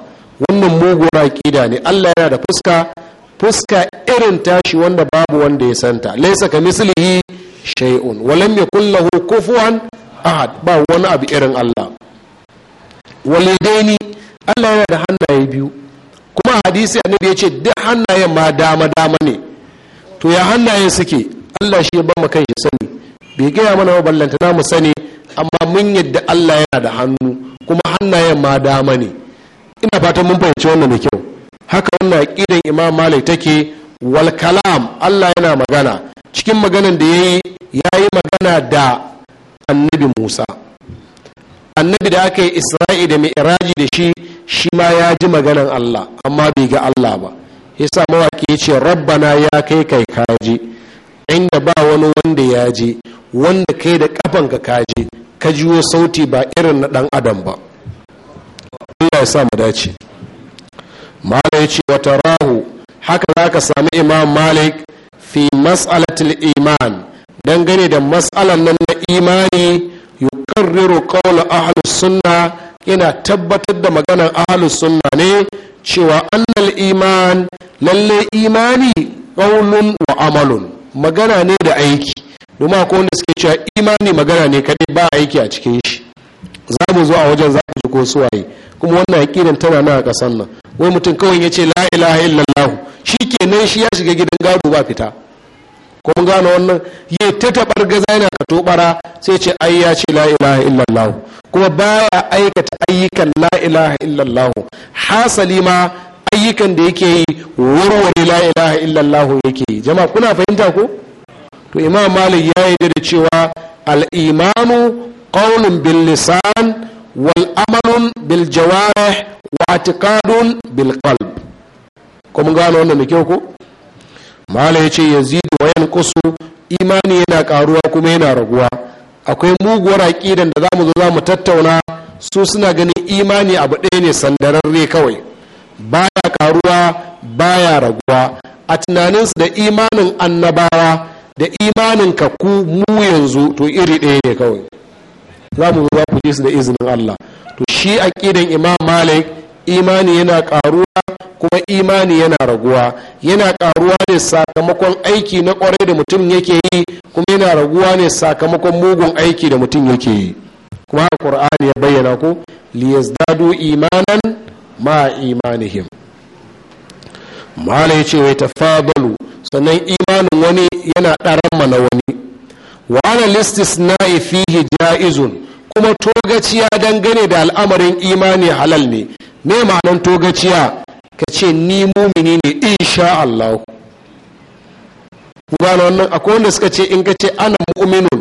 wannan muguwar kida ne Allah yana da fuska fuska irin tashi wanda babu wanda ya santa laisa ka mislihi shay'un walam yakul lahu kufuwan ahad ba wani abu irin Allah walidaini Allah yana da hannaye biyu kuma hadisi annabi ya ce duk hannayen ma dama dama ne to ya hannaye suke Allah shi ya ba mu kai sani bai gaya mana ba na mu sani amma mun yadda Allah yana da hannu kuma hannayen ma dama ne ina fatan mun fahimci wannan da kyau haka wannan aqidan imam malik take wal kalam Allah yana magana cikin maganan da yayi yayi magana da annabi Musa annabi da aka yi Isra'i da Mi'raji da shi shi ma ya ji maganan Allah amma bai ga Allah ba yasa mawaki ya ce rabbana ya kai kai kaji inda ba wani wanda ya je wanda kai da kafanka kaje ka jiwo sauti ba irin na dan adam ba Allah ya sa mu dace mala ya ce wata rahu haka za ka sami imam malik fi mas'alatul iman dangane da mas'alan nan na imani yukarriru qawla ahlus sunna yana tabbatar da maganar ahlus sunna ne cewa annal iman lalle imani qawlun wa amalun magana ne da aiki domin akwai wanda suke cewa imani magana ne kaɗai ba aiki a cikin shi za mu zo a wajen za ku ji ko su waye kuma wannan aƙidan tana nan a ƙasan nan wai mutum kawai ya ce la ilaha illallah shi kenan shi ya shiga gidan gado ba fita ko mun gano wannan ya ta taɓar gaza yana ka tobara sai ce ai ya ce la ilaha illallah kuma baya aikata ayyukan la ilaha illallah hasali ma ayyukan da yake yi warware la ilaha illallah yake yi jama'a kuna fahimta ko to imam malik ya yi da cewa al'imanu qawlun bil lisan wal amalun bil jawarih wa i'tiqadun bil qalb kuma gano wannan da kyau ko mala ya ce yazidu wa yanqusu imani yana karuwa kuma yana raguwa akwai muguwar aqidan da zamu zo za mu tattauna su suna ganin imani abu ɗaya ne sandararre kawai baya karuwa baya raguwa a tunaninsu da imanin annabawa da imaninka ku mu yanzu to iri ɗaya ne kawai za mu za ku su da izinin Allah to shi aqidan Imam Malik imani yana ƙaruwa kuma imani yana raguwa yana ƙaruwa ne sakamakon aiki na ƙwarai da mutum yake yi kuma yana raguwa ne sakamakon mugun aiki da mutum yake yi kuma Qur'ani ya bayyana ko liyazdadu imanan ma imanihim mala yace wai tafadalu sannan imanin wani yana ɗaran mana wani wa listis na fihi ja'izun kuma togaciya dangane da al'amarin imani halal ne me ma'anan togaciya ka ce ni mumini ne insha Allah ku gano wannan akwai wanda suka ce in ka ce ana mu'minun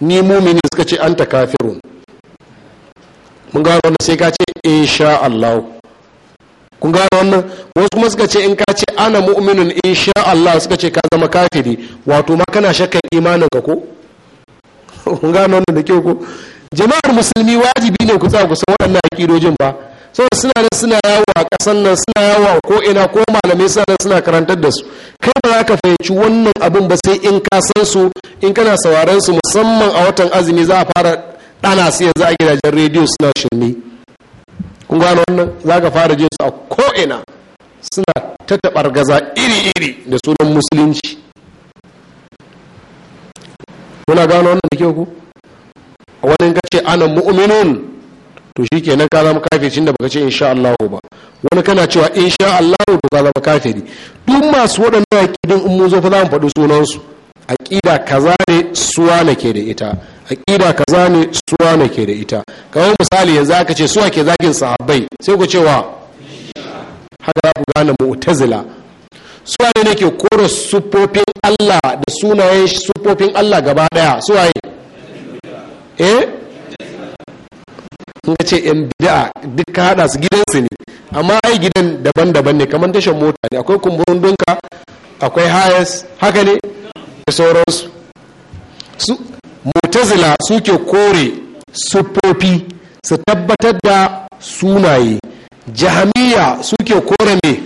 ni mumini suka ce anta kafirun mun gano wanda sai ka ce insha Allah kun gano wannan wasu kuma suka ce in ka ce ana in sha Allah suka ce ka zama kafiri wato ma kana shakkan imanin ka ko kun gano wannan da kyau ko jama'ar musulmi wajibi ne ku tsaya ku san waɗannan aƙidojin ba saboda suna nan suna yawo a ƙasan nan suna yawo a ko ina ko malamai suna nan suna karantar da su kai ba za ka fahimci wannan abin ba sai in ka san su in kana sauraron su musamman a watan azumi za a fara ɗana su yanzu a gidajen rediyo suna shirme kun gano wannan za ka fara jesu a ko'ina suna ta taɓar gaza iri-iri da sunan musulunci kuna gano wannan da kyau ku wani ka ce ana mu'minun to shi ke nan ka zama kafircin da baka ce insha Allah ba wani kana cewa insha Allah to ka zama kafiri duk masu waɗannan aƙidun in mu zo fa za mu faɗi sunansu aƙida kaza ne suwa na ke da ita aƙida kaza ne suwa ne ke da ita kamar misali yanzu aka ce suwa ke zagin sahabbai sai ku cewa haka za ku gane mu'tazila suwa ne ke kora sufofin Allah da sunayen sufofin Allah gaba daya suwaye eh kun ce yan bid'a duk ka hada su gidansu ne amma ai gidan daban-daban ne kamar tashar mota ne akwai kumburin dunka akwai hayas haka ne da sauransu mu'tazila suke kore siffofi su tabbatar da sunaye jahamiya suke kore mai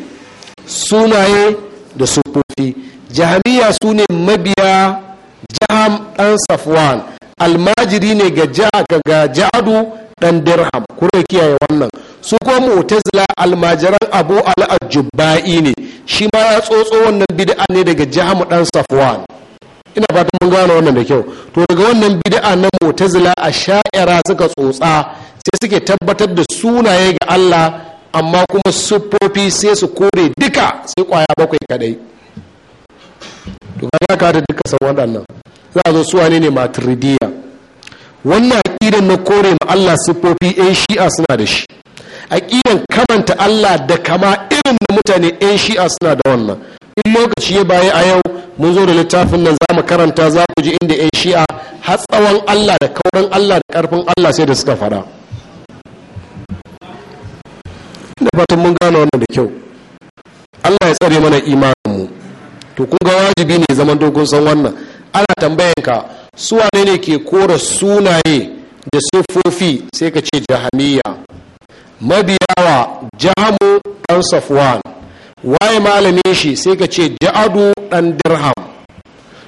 sunaye da siffofi jahamiya su ne mabiya jaham dan safwan almajiri ne ga ja'adu dan dirham kure kiyaye wannan su kuma mu'tazila almajiran abu al ne shi ma ya tsotso wannan bid'a ne daga jaham dan safwan ina fatan mun gane wannan da kyau to daga wannan bid'a na mu'tazila a sha'ira suka tsotsa sai suke tabbatar da sunaye ga Allah amma kuma siffofi sai su kore duka sai kwaya bakwai kadai to ga ka da duka san waɗannan za a zo su wane ne maturidiya wannan aqidan na kore ma Allah siffofi ɗan shi'a suna da shi aqidan kamanta Allah da kama irin na mutane ɗan shi'a suna da wannan in lokaci ya baya a yau mun zo da littafin nan za mu karanta za ku ji inda 'yan shi'a har tsawon allah da kaurin allah da karfin allah sai da suka fada da fatan mun gane wannan da kyau allah ya tsare mana imaninmu to kun ga wajibi ne zaman dogon san wannan ana tambayanka su wane ne ke kora sunaye da sufofi sai ka ce jahamiya mabiyawa jamu dan safwan waye malami shi sai ka ce ja'adu ɗan dirham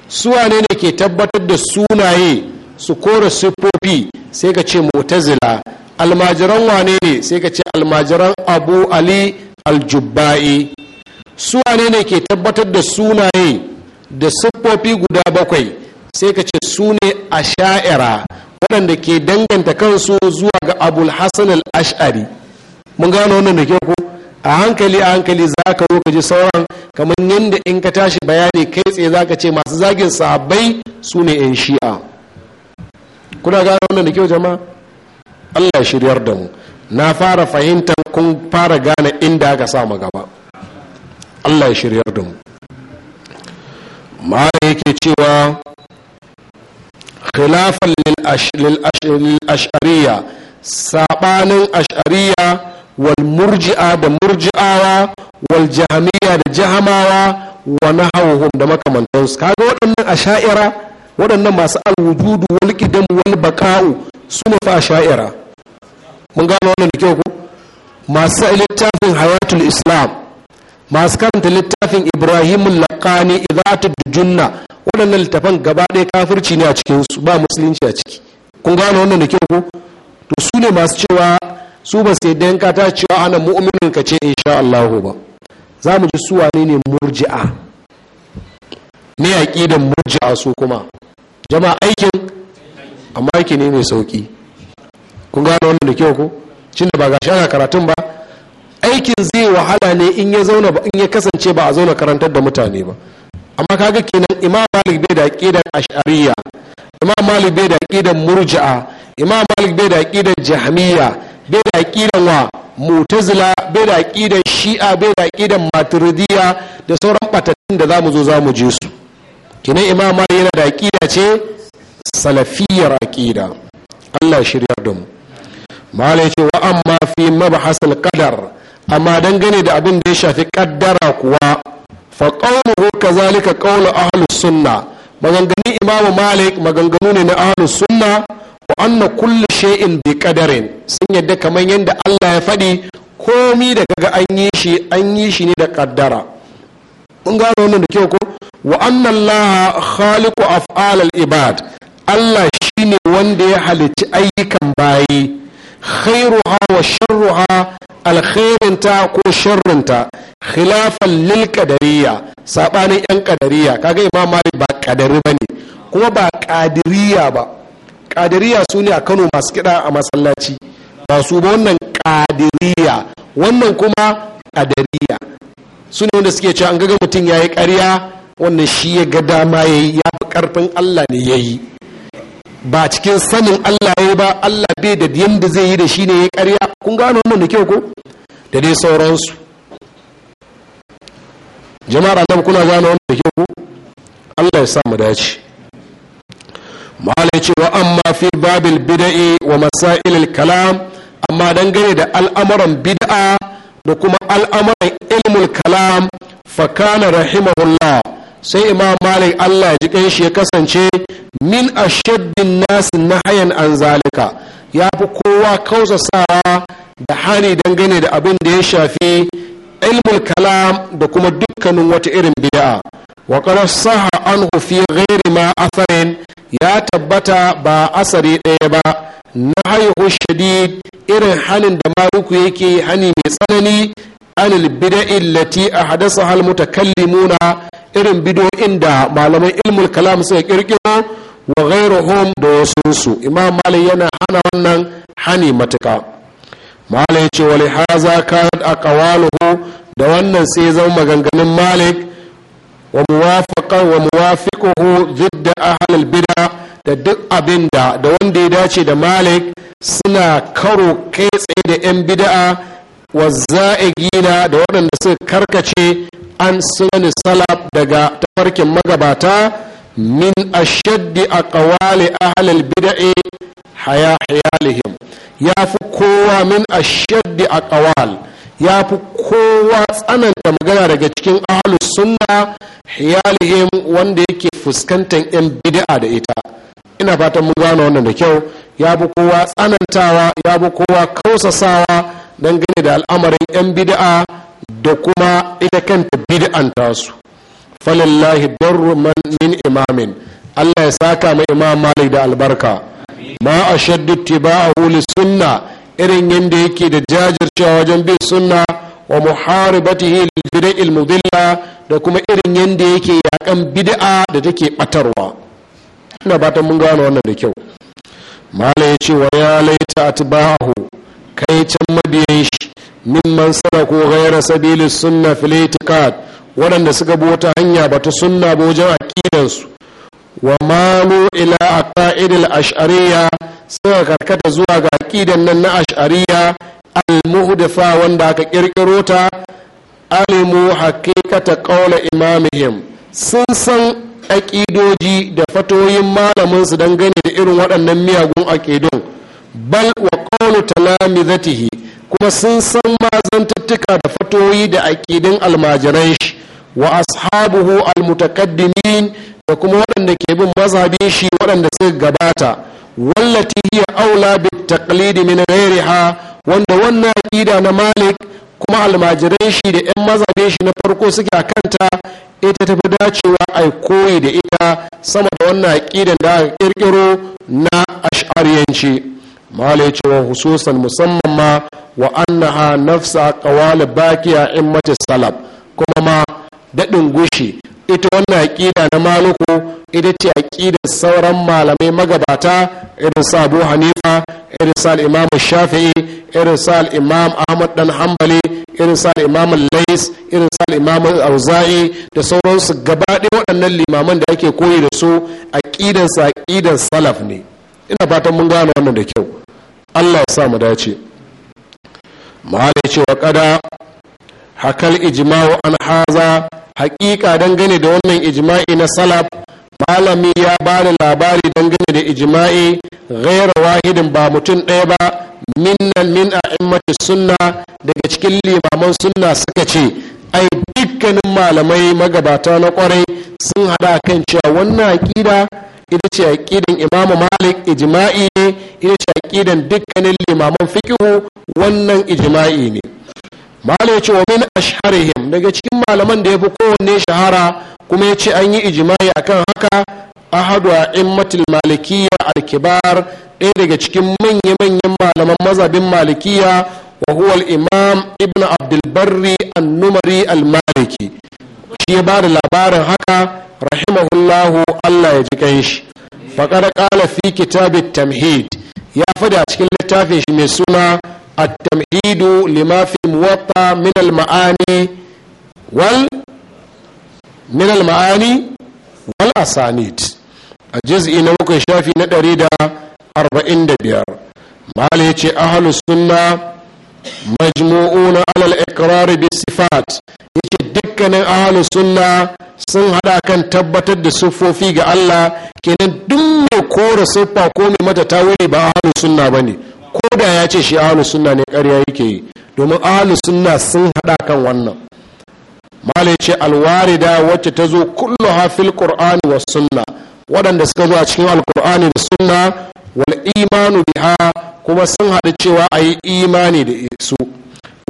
suwa ne ke tabbatar da sunaye su kora siffofi sai ka ce mu'tazila almajiran wane ne sai ka ce almajiran abu ali aljubba'i suwane ne ke tabbatar da sunaye da siffofi guda bakwai sai ka ce su ne a sha'ira waɗanda ke danganta kansu zuwa ga abul hasan al-ash'ari mun gano wannan da ke ku a hankali a hankali za ka zo ka ji sauran kamar yadda in ka tashi bayani kai tsaye za ka ce masu zagin sahabbai su ne 'yan shi'a kuna gane wannan da kyau jama'a allah shiryar da mu na fara fahimtar kun fara gane inda aka sa gaba allah ya shiryar da mu mara yake cewa khilafan lil ashariya sabanin ashariya wal murji'a da murji'awa wal jahamiya da jahamawa wa nahawuhum da makamantansu kaga waɗannan asha'ira waɗannan masu alwujudu wal qidam wal baka'u su ne fa asha'ira mun gano wannan da kyau ko masu littafin hayatul islam masu karanta littafin ibrahim laqani da junna waɗannan littafan gaba ɗaya kafirci ne a cikinsu ba musulunci a ciki kun gano wannan da kyau ko to su ne masu cewa su ba sai yadda yanka ta cewa ana mu'minin ka ce insha Allah ba za mu ji su wane ne murji'a ne da murji'a su kuma jama'a aikin amma aiki ne mai sauki kun gano wannan da kyau ko cin da ba gashi ana karatun ba aikin zai wahala ne in ya zauna ba in ya kasance ba a zauna karantar da mutane ba amma kaga kenan imam malik bai da aqidan ash'ariyya imam malik bai da aqidan murji'a imam malik bai da aqidan jahmiyya bai da aƙidan wa mutazila bai da aƙidan shi'a bai da aƙidan maturidiyya da sauran batattun da zamu zo zamu je su kinan imam yana da aƙida ce salafiyar aƙida Allah shirya da mu malai ce wa amma fi mabhasil qadar amma dangane da abin da ya shafi kaddara kuwa fa qawluhu kazalika qawlu ahlus sunna maganganun imamu malik maganganu ne na ahlus sunna wa anna kulli shay'in bi qadarin sun yadda kaman yadda Allah ya faɗi komi da kaga an yi shi an yi shi ne da kaddara mun ga wannan da kyau ko wa anna Allah khaliqu af'al al-ibad Allah shine wanda ya halicci ayyukan bayi khairuha wa sharruha alkhairinta ko sharrinta khilafan lil qadariyya sabanin yan qadariyya kaga imam malik ba qadari bane kuma ba qadiriyya ba ƙadiriya su ne a kano masu kiɗa a masallaci ba su ba wannan ƙadiriya wannan kuma ƙadariya su ne wanda suke cewa an gaga mutum ya yi ƙarya wannan shi ya ga dama ya yi ya fi ƙarfin allah ne ya yi ba cikin sanin allah ya yi ba allah bai da yadda zai yi da shi ne ya yi ƙarya kun gano wannan da kyau ko da dai sauransu jama'ar annabi kuna gano wannan da kyau ko allah ya sa mu dace ya ce wa amma fi babil bida'i wa masailil kalam amma dangane da al'amuran bid'a da kuma al'amuran ilmul kalam fakana rahimahullah sai imam malik allah ji shi ya kasance min ashaddin nasi na an zalika ya fi kowa kausasawa da hani dangane da abin da ya shafi ilmul kalam da kuma dukkanin wata irin bida'a. wa qala saha anhu fi ghairi ma atharin ya tabbata ba asari ɗaya ba na haihu shadid irin halin da maruku yake hani mai tsanani anil bida'in lati a hadasa hal mutakallimuna irin bido da malaman ilmul kalam suka kirkiro wa ghairuhum da wasu imam mali yana hana wannan hani matuka malik ce wali haza a aqwaluhu da wannan sai zama maganganun malik wa muwafaqa wa muwafiquhu a أهل bida. da duk abin da da wanda ya dace da malik suna karo kai tsaye da 'yan bida'a wa za'igina da waɗanda suka karkace an sunani salaf daga tafarkin magabata min ashaddi a ƙawali ahalil bida'i haya hayalihim ya fi kowa min ashaddi a ƙawal ya fi kowa tsananta magana daga cikin ahalus sunna hiyalihim wanda yake fuskantar 'yan bida'a da ita ina fatan mun gano wannan da kyau ya bi kowa tsanantawa ya bi kowa kausasawa dangane da al'amarin 'yan bid'a da kuma ita kanta bid'an tasu falillahi barru min imamin allah ya saka mai imam malik da albarka ma a shaddu a sunna irin yadda yake da jajircewa wajen bin sunna wa muharibatihi lil bid'il mudilla da kuma irin yadda yake yakan bid'a da take batarwa ina fatan mun gano wannan da kyau mala ya ce wa ya laita atba'ahu kai can mabiyan shi sara ko gaira sabili sunna fil itiqad waɗanda suka bi wata hanya ba ta sunna ba wajen su wa malu ila aqaid al ash'ariyya suka karkata zuwa ga aqidan nan na ash'ariyya al muhdafa wanda aka kirkiro ta alimu haqiqata qawla imamihim sun san aƙidoji da fatoyin malaminsu dangane da irin waɗannan miyagun aƙidun bal wa ƙaunu talamizatihi kuma sun san mazantattuka da fatoyi da aƙidun almajiran shi wa ashabuhu almutakaddimin da kuma waɗanda ke bin mazhabin shi waɗanda suka gabata wallati hiya aula bit taqlid min ghairiha wanda wannan aƙida na malik kuma almajiran shi da 'yan mazabe shi na farko suke a kanta ita tafi dacewa a koyi da ita sama da wannan aƙidan da aka ƙirƙiro na ash'ariyanci malai cewa hususan musamman ma wa annaha nafsa qawala bakiya in mace salaf kuma ma daɗin gushi ita wannan aƙida na maluku ita ce aƙidar sauran malamai magabata irin sabu hanifa irin sa imam shafi'i irin sa imam ahmad dan hanbali irin sa imam lais irin sa imam auza'i da sauransu gaba waɗannan limaman da ake koyi da su a ƙidan sa ƙidan salaf ne ina fatan mun gane wannan da kyau Allah ya sa mu dace mahalai cewa kada hakal ijma'u an haza haƙiƙa dangane da wannan ijima'i na salaf malami ya ba labari dangane da ijima'i ghaira wahidin ba mutum ɗaya ba minnan min a'immati sunna daga cikin limaman sunna suka ce ai dukkanin malamai magabata na kwarai sun hada kan cewa wannan aƙida ita ce aƙidan imamu malik ijma'i ne ita ce aƙidan dukkanin limaman fikihu wannan ijma'i ne malai ce wa min asharihim daga cikin malaman da ya fi kowanne shahara kuma ya ce an yi ijimai akan haka ahadu a immatul malikiya alkibar ɗaya daga cikin manya-manyan malaman mazabin malikiya wa huwa imam ibn abdulbarri annumari almaliki shi ya ba da labarin haka rahimahullahu allah ya ji kanshi shi faƙar ƙala kitabin kitabit tamhid ya fada cikin littafin shi mai suna at-tamhidu lima fi muwatta min al-ma'ani wal من المعاني maani wal asanid a juz'i na bakwai shafi na ɗari da arba'in da biyar mahala ya ce ahalus sunna majmu'una alal yace dukkanin sun hada kan tabbatar da siffofi ga Allah kenan duk mai kora siffa ko mai mata wuri ba Ahlus sunna bane ko da ya ce shi ahlus sunna ne ƙarya yake yi domin ahlus sunna sun hada kan wannan malai ce alwarida wacce ta zo kullu hafil qur'ani wa sunna waɗanda suka zo a cikin alkur'ani da sunna wal imanu biha kuma sun haɗu cewa a yi imani da su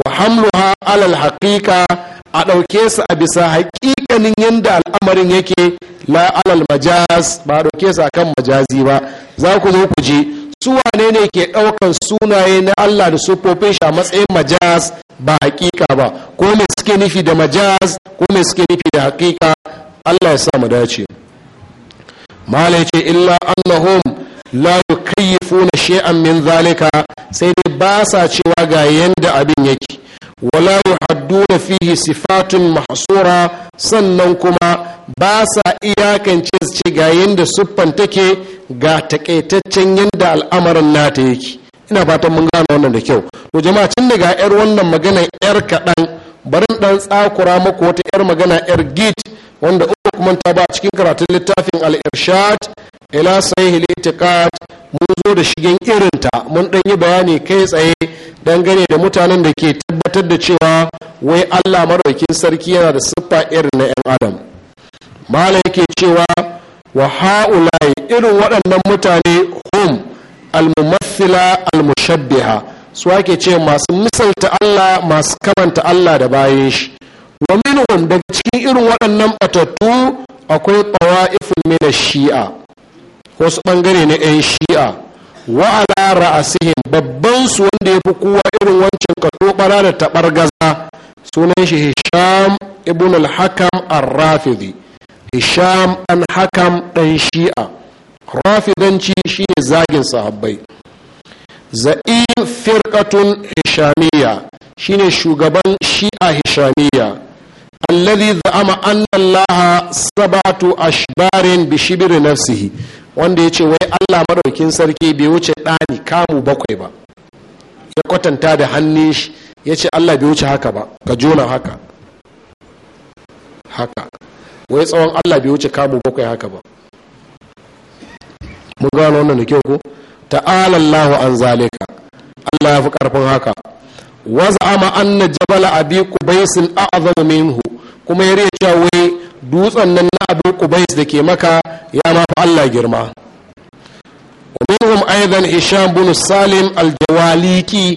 wa hamluha alal haƙiƙa a ɗauke su a bisa haƙiƙanin yadda al'amarin yake la alal majaz ba a ɗauke su akan majazi ba za ku zo ku je su wane ne ke ɗaukan sunaye na Allah da sufofin shi a matsayin majaz ba hakika ba ko me suke nufi da majaz ko me suke nufi da hakika Allah ya sa mu dace mala ce illa annahum la yukayyifuna shay'an min zalika sai dai ba sa cewa ga yanda abin yake wala yuhadduna fihi sifatun mahsura sannan kuma ba sa iyakance su ce ga yanda siffan take ga takaitaccen yanda al'amarin nata yake ina fatan mun gane wannan da kyau to jama'a tun daga yar wannan magana yar kaɗan barin ɗan tsakura maku wata yar magana yar git wanda uku kuma ta ba cikin karatun littafin al-irshad ila sahih al mun zo da shigen irinta mun ɗan yi bayani kai tsaye dangane da mutanen da ke tabbatar da cewa wai allah maraukin sarki yana da siffa irin na 'yan adam malam yake cewa wa ha'ulai irin waɗannan mutane almumathila almushabbiha su ake ce masu misalta Allah masu kamanta Allah da bayan shi wa minhum daga cikin irin waɗannan batattu akwai tawa'ifun min shia wasu bangare na yan shi'a wa ala ra'asihim babban su wanda yafi kowa irin wancan katobara da gaza sunan shi Hisham ibn al-Hakam ar-Rafidi Hisham an Hakam dan Shi'a rafidanci shine zagin sahabbai za'in firkatun hishamiya shine shugaban shi'a hishamiya alladhi za'ama anna Allah sab'atu ashbarin bi shibri nafsihi wanda yace wai Allah madaukin sarki bai wuce dani kamu bakwai ba ya kwatanta da hannun shi yace Allah bai wuce haka ba ka jona haka haka wai tsawon Allah bai wuce kamu bakwai haka ba mu gano wannan da kyau ko ta'ala Allahu an zalika Allah ya fi karfin haka wa za'ama anna jabala abi qubais al'azam minhu kuma ya cewa wai dutsen nan na abu qubais da ke maka ya ma fi Allah girma ومنهم أيضا هشام بن سالم الجواليكي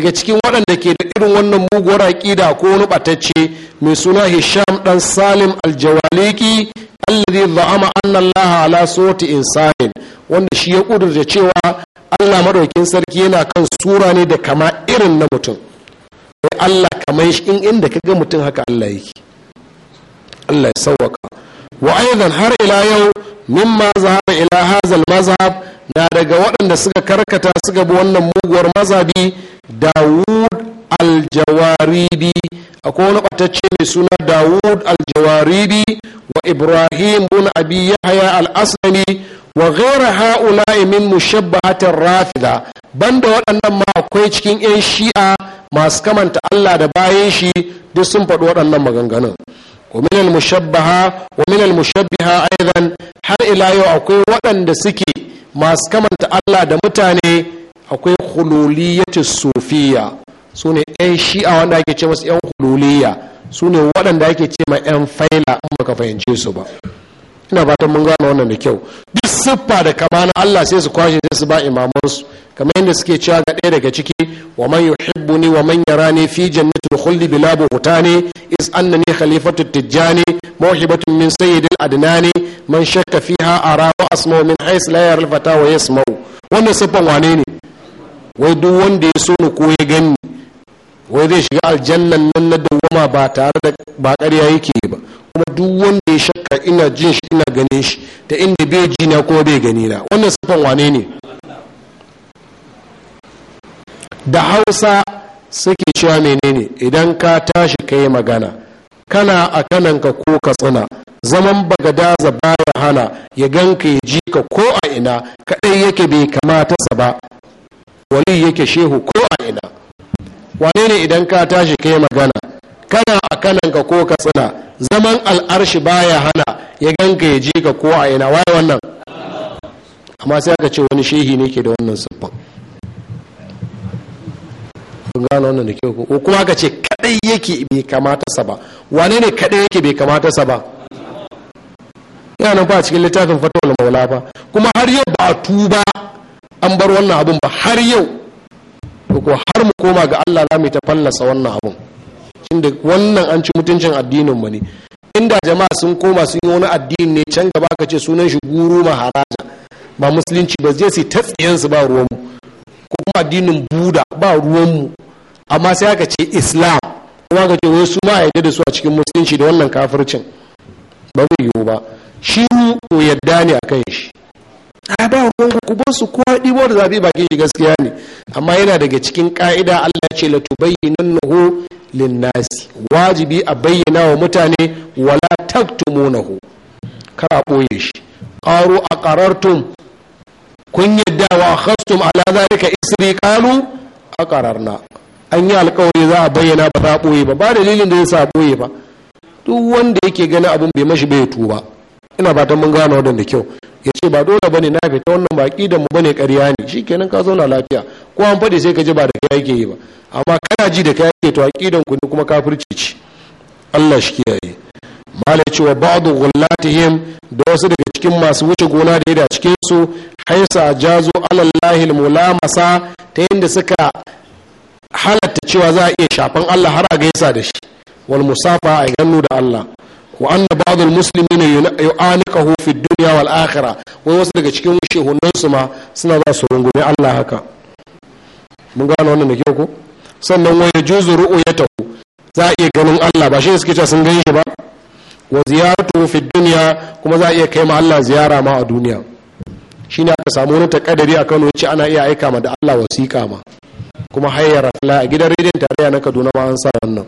daga cikin waɗanda ke da irin wannan muguwar aƙida ko wani ɓatacce mai suna hisham ɗan salim aljawaliki alladhi za'ama anna allaha ala in insanin wanda shi ya ƙudurta cewa allah maɗaukin sarki yana kan sura ne da kama irin na mutum wai allah kamar shi in inda ka ga mutum haka allah yake allah ya sauwaka wa aidan har ila yau mimma zahara ila hazal mazhab na daga waɗanda suka karkata suka bi wannan muguwar mazhabi dawud aljawaridi akwai wani ɓatacce mai suna dawud aljawaridi wa ibrahim bin abi yahya al-aslami wa ghaira ha'ula'i min mushabbahatir rafida banda waɗannan ma akwai cikin 'yan shi'a masu kamanta Allah da bayan shi duk sun faɗi waɗannan maganganun ومن المشبهة ومن المشبهة أيضا har ila yau akwai waɗanda suke masu kamanta Allah da mutane akwai hululiyatu sufiya su ne 'yan shi'a wanda ake ce masu 'yan hululiya su ne waɗanda ake ce ma 'yan faila in baka fahimce su ba ina fatan mun gane wannan da kyau duk siffa da kama Allah sai su kwashe sai su ba imamansu kamar yadda suke cewa ga ɗaya daga ciki wa man yuhibbuni wa man yarani fi jannatul khuldi bila hutani, is annani khalifatu tijjani mawhibatun min sayyidil adnani man shakka fiha ara wa asma min haythu la yara al fata wa yasma'u wannan siffan wane ne wai duk wanda ya so ni ko ya gani wai zai shiga aljannan nan na dawwama ba tare da ba ƙarya yake ba kuma duk wanda ya shakka ina jin shi ina ganin shi ta inda bai ji na kuma bai gani na wannan sifan wane ne da hausa suke cewa menene idan ka tashi ka yi magana kana a kananka ko ka tsina zaman bagadaza baya hana ya ganka ya ji ka ko a ina kaɗai yake bai kamata sa ba wali yake shehu ko a ina wane ne idan ka tashi kai magana kana a kananka ko ka tsina zaman al'arshi baya hana ya ganka ya ji ka ko a ina waye wannan amma sai aka ce wani shehi ne ke da wannan siffan kun gano wannan da kyau ko kuma aka ce kadai yake bai kamata sa ba wane ne kadai yake bai kamata sa ba yana nan ba a cikin littafin fatawar maula ba kuma har yau ba tuba an bar wannan abun ba har yau ko har mu koma ga Allah za mu ta fallasa wannan abun inda wannan an ci mutuncin addinin mu ne inda jama'a sun koma sun yi wani addini ne can gaba ka ce sunan shi guru maharaja ba musulunci ba zai su ta tsiyansu ba ruwanmu ko kuma addinin buda ba ruwanmu amma sai aka ce islam kuma ka ce wai su ma yadda da su a cikin musulunci da wannan kafircin ba zai yiwu ba shi ko yadda ne akan shi a ba kanku ku su kowa ɗiwar da zaɓi bakin shi gaskiya ne amma yana daga cikin ka'ida Allah ce latubayyinannahu linnasi wajibi a bayyana wa mutane wala taktumunahu kar a ɓoye shi ƙaru a ƙarartum kun yadda wa khastum ala zalika isri qalu a ƙararna an yi alkawari za a bayyana ba za a ɓoye ba ba dalilin da yasa sa ɓoye ba duk wanda yake ganin abun bai mashi bai tuba ina ta mun gane wadanda kyau ya ce ba dole bane na fita wannan baki da mu bane ƙarya ne kenan ka zauna lafiya ko an faɗi sai ka ji ba da kai yake yi ba amma kana ji da kai yake to aqidan ku ne kuma kafirci ce Allah shi kiyaye mala ce wa ba'du ghullatihim da wasu daga cikin masu wuce gona da yada cikin su haisa jazo alallahi mulamasa ta yadda suka halatta cewa za a iya shafan Allah har a gaisa da shi wal musafa a gannu da Allah wa anna ba'd al-muslimina yu'aniqahu fi dunya wal akhirah wasu daga cikin shehunan su ma suna za su rungume Allah haka mun gano wannan da kyau ko sannan wai juzu ru'yatahu za a iya ganin Allah ba shi suke cewa sun gani shi ba wa ziyaratu fi dunya kuma za a iya kai ma Allah ziyara ma a duniya shine aka samu wani takadari a Kano yace ana iya aika ma da Allah wasika ma kuma hayyara fala a gidan rediyon tarayya na Kaduna ma an sa wannan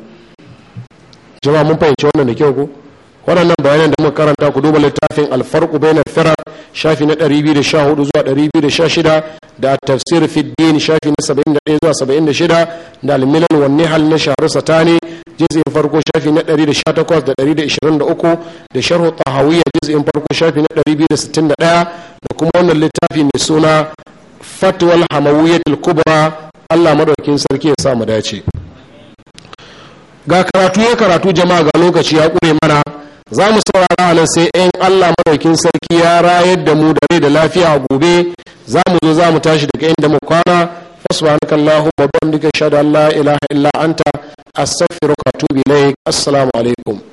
jama'a mun fahimci wannan da kyau ko waɗannan bayanan da muka karanta ku duba littafin alfarku bainar firar shafi na 214 zuwa 216 da tafsir fiddin shafi na 71 zuwa 76 da almilal wa hal na shahar satani jiz'in farko shafi na 118 da 123 da sharhu tahawiyya jiz'in farko shafi na 261 da kuma wannan littafi mai suna fatwal hamawiyyatul kubra Allah madaukin sarki ya sa mu dace ga karatu ya karatu jama'a ga lokaci ya kure mana za mu saurara nan sai in allah madaukin sarki ya rayar da mu da rai da lafiya gobe za mu zo za mu tashi daga inda mu kwana fasbanaka allahu wa bihamdika shahadu an la ilaha illa anta astaghfiruka assalamu alaikum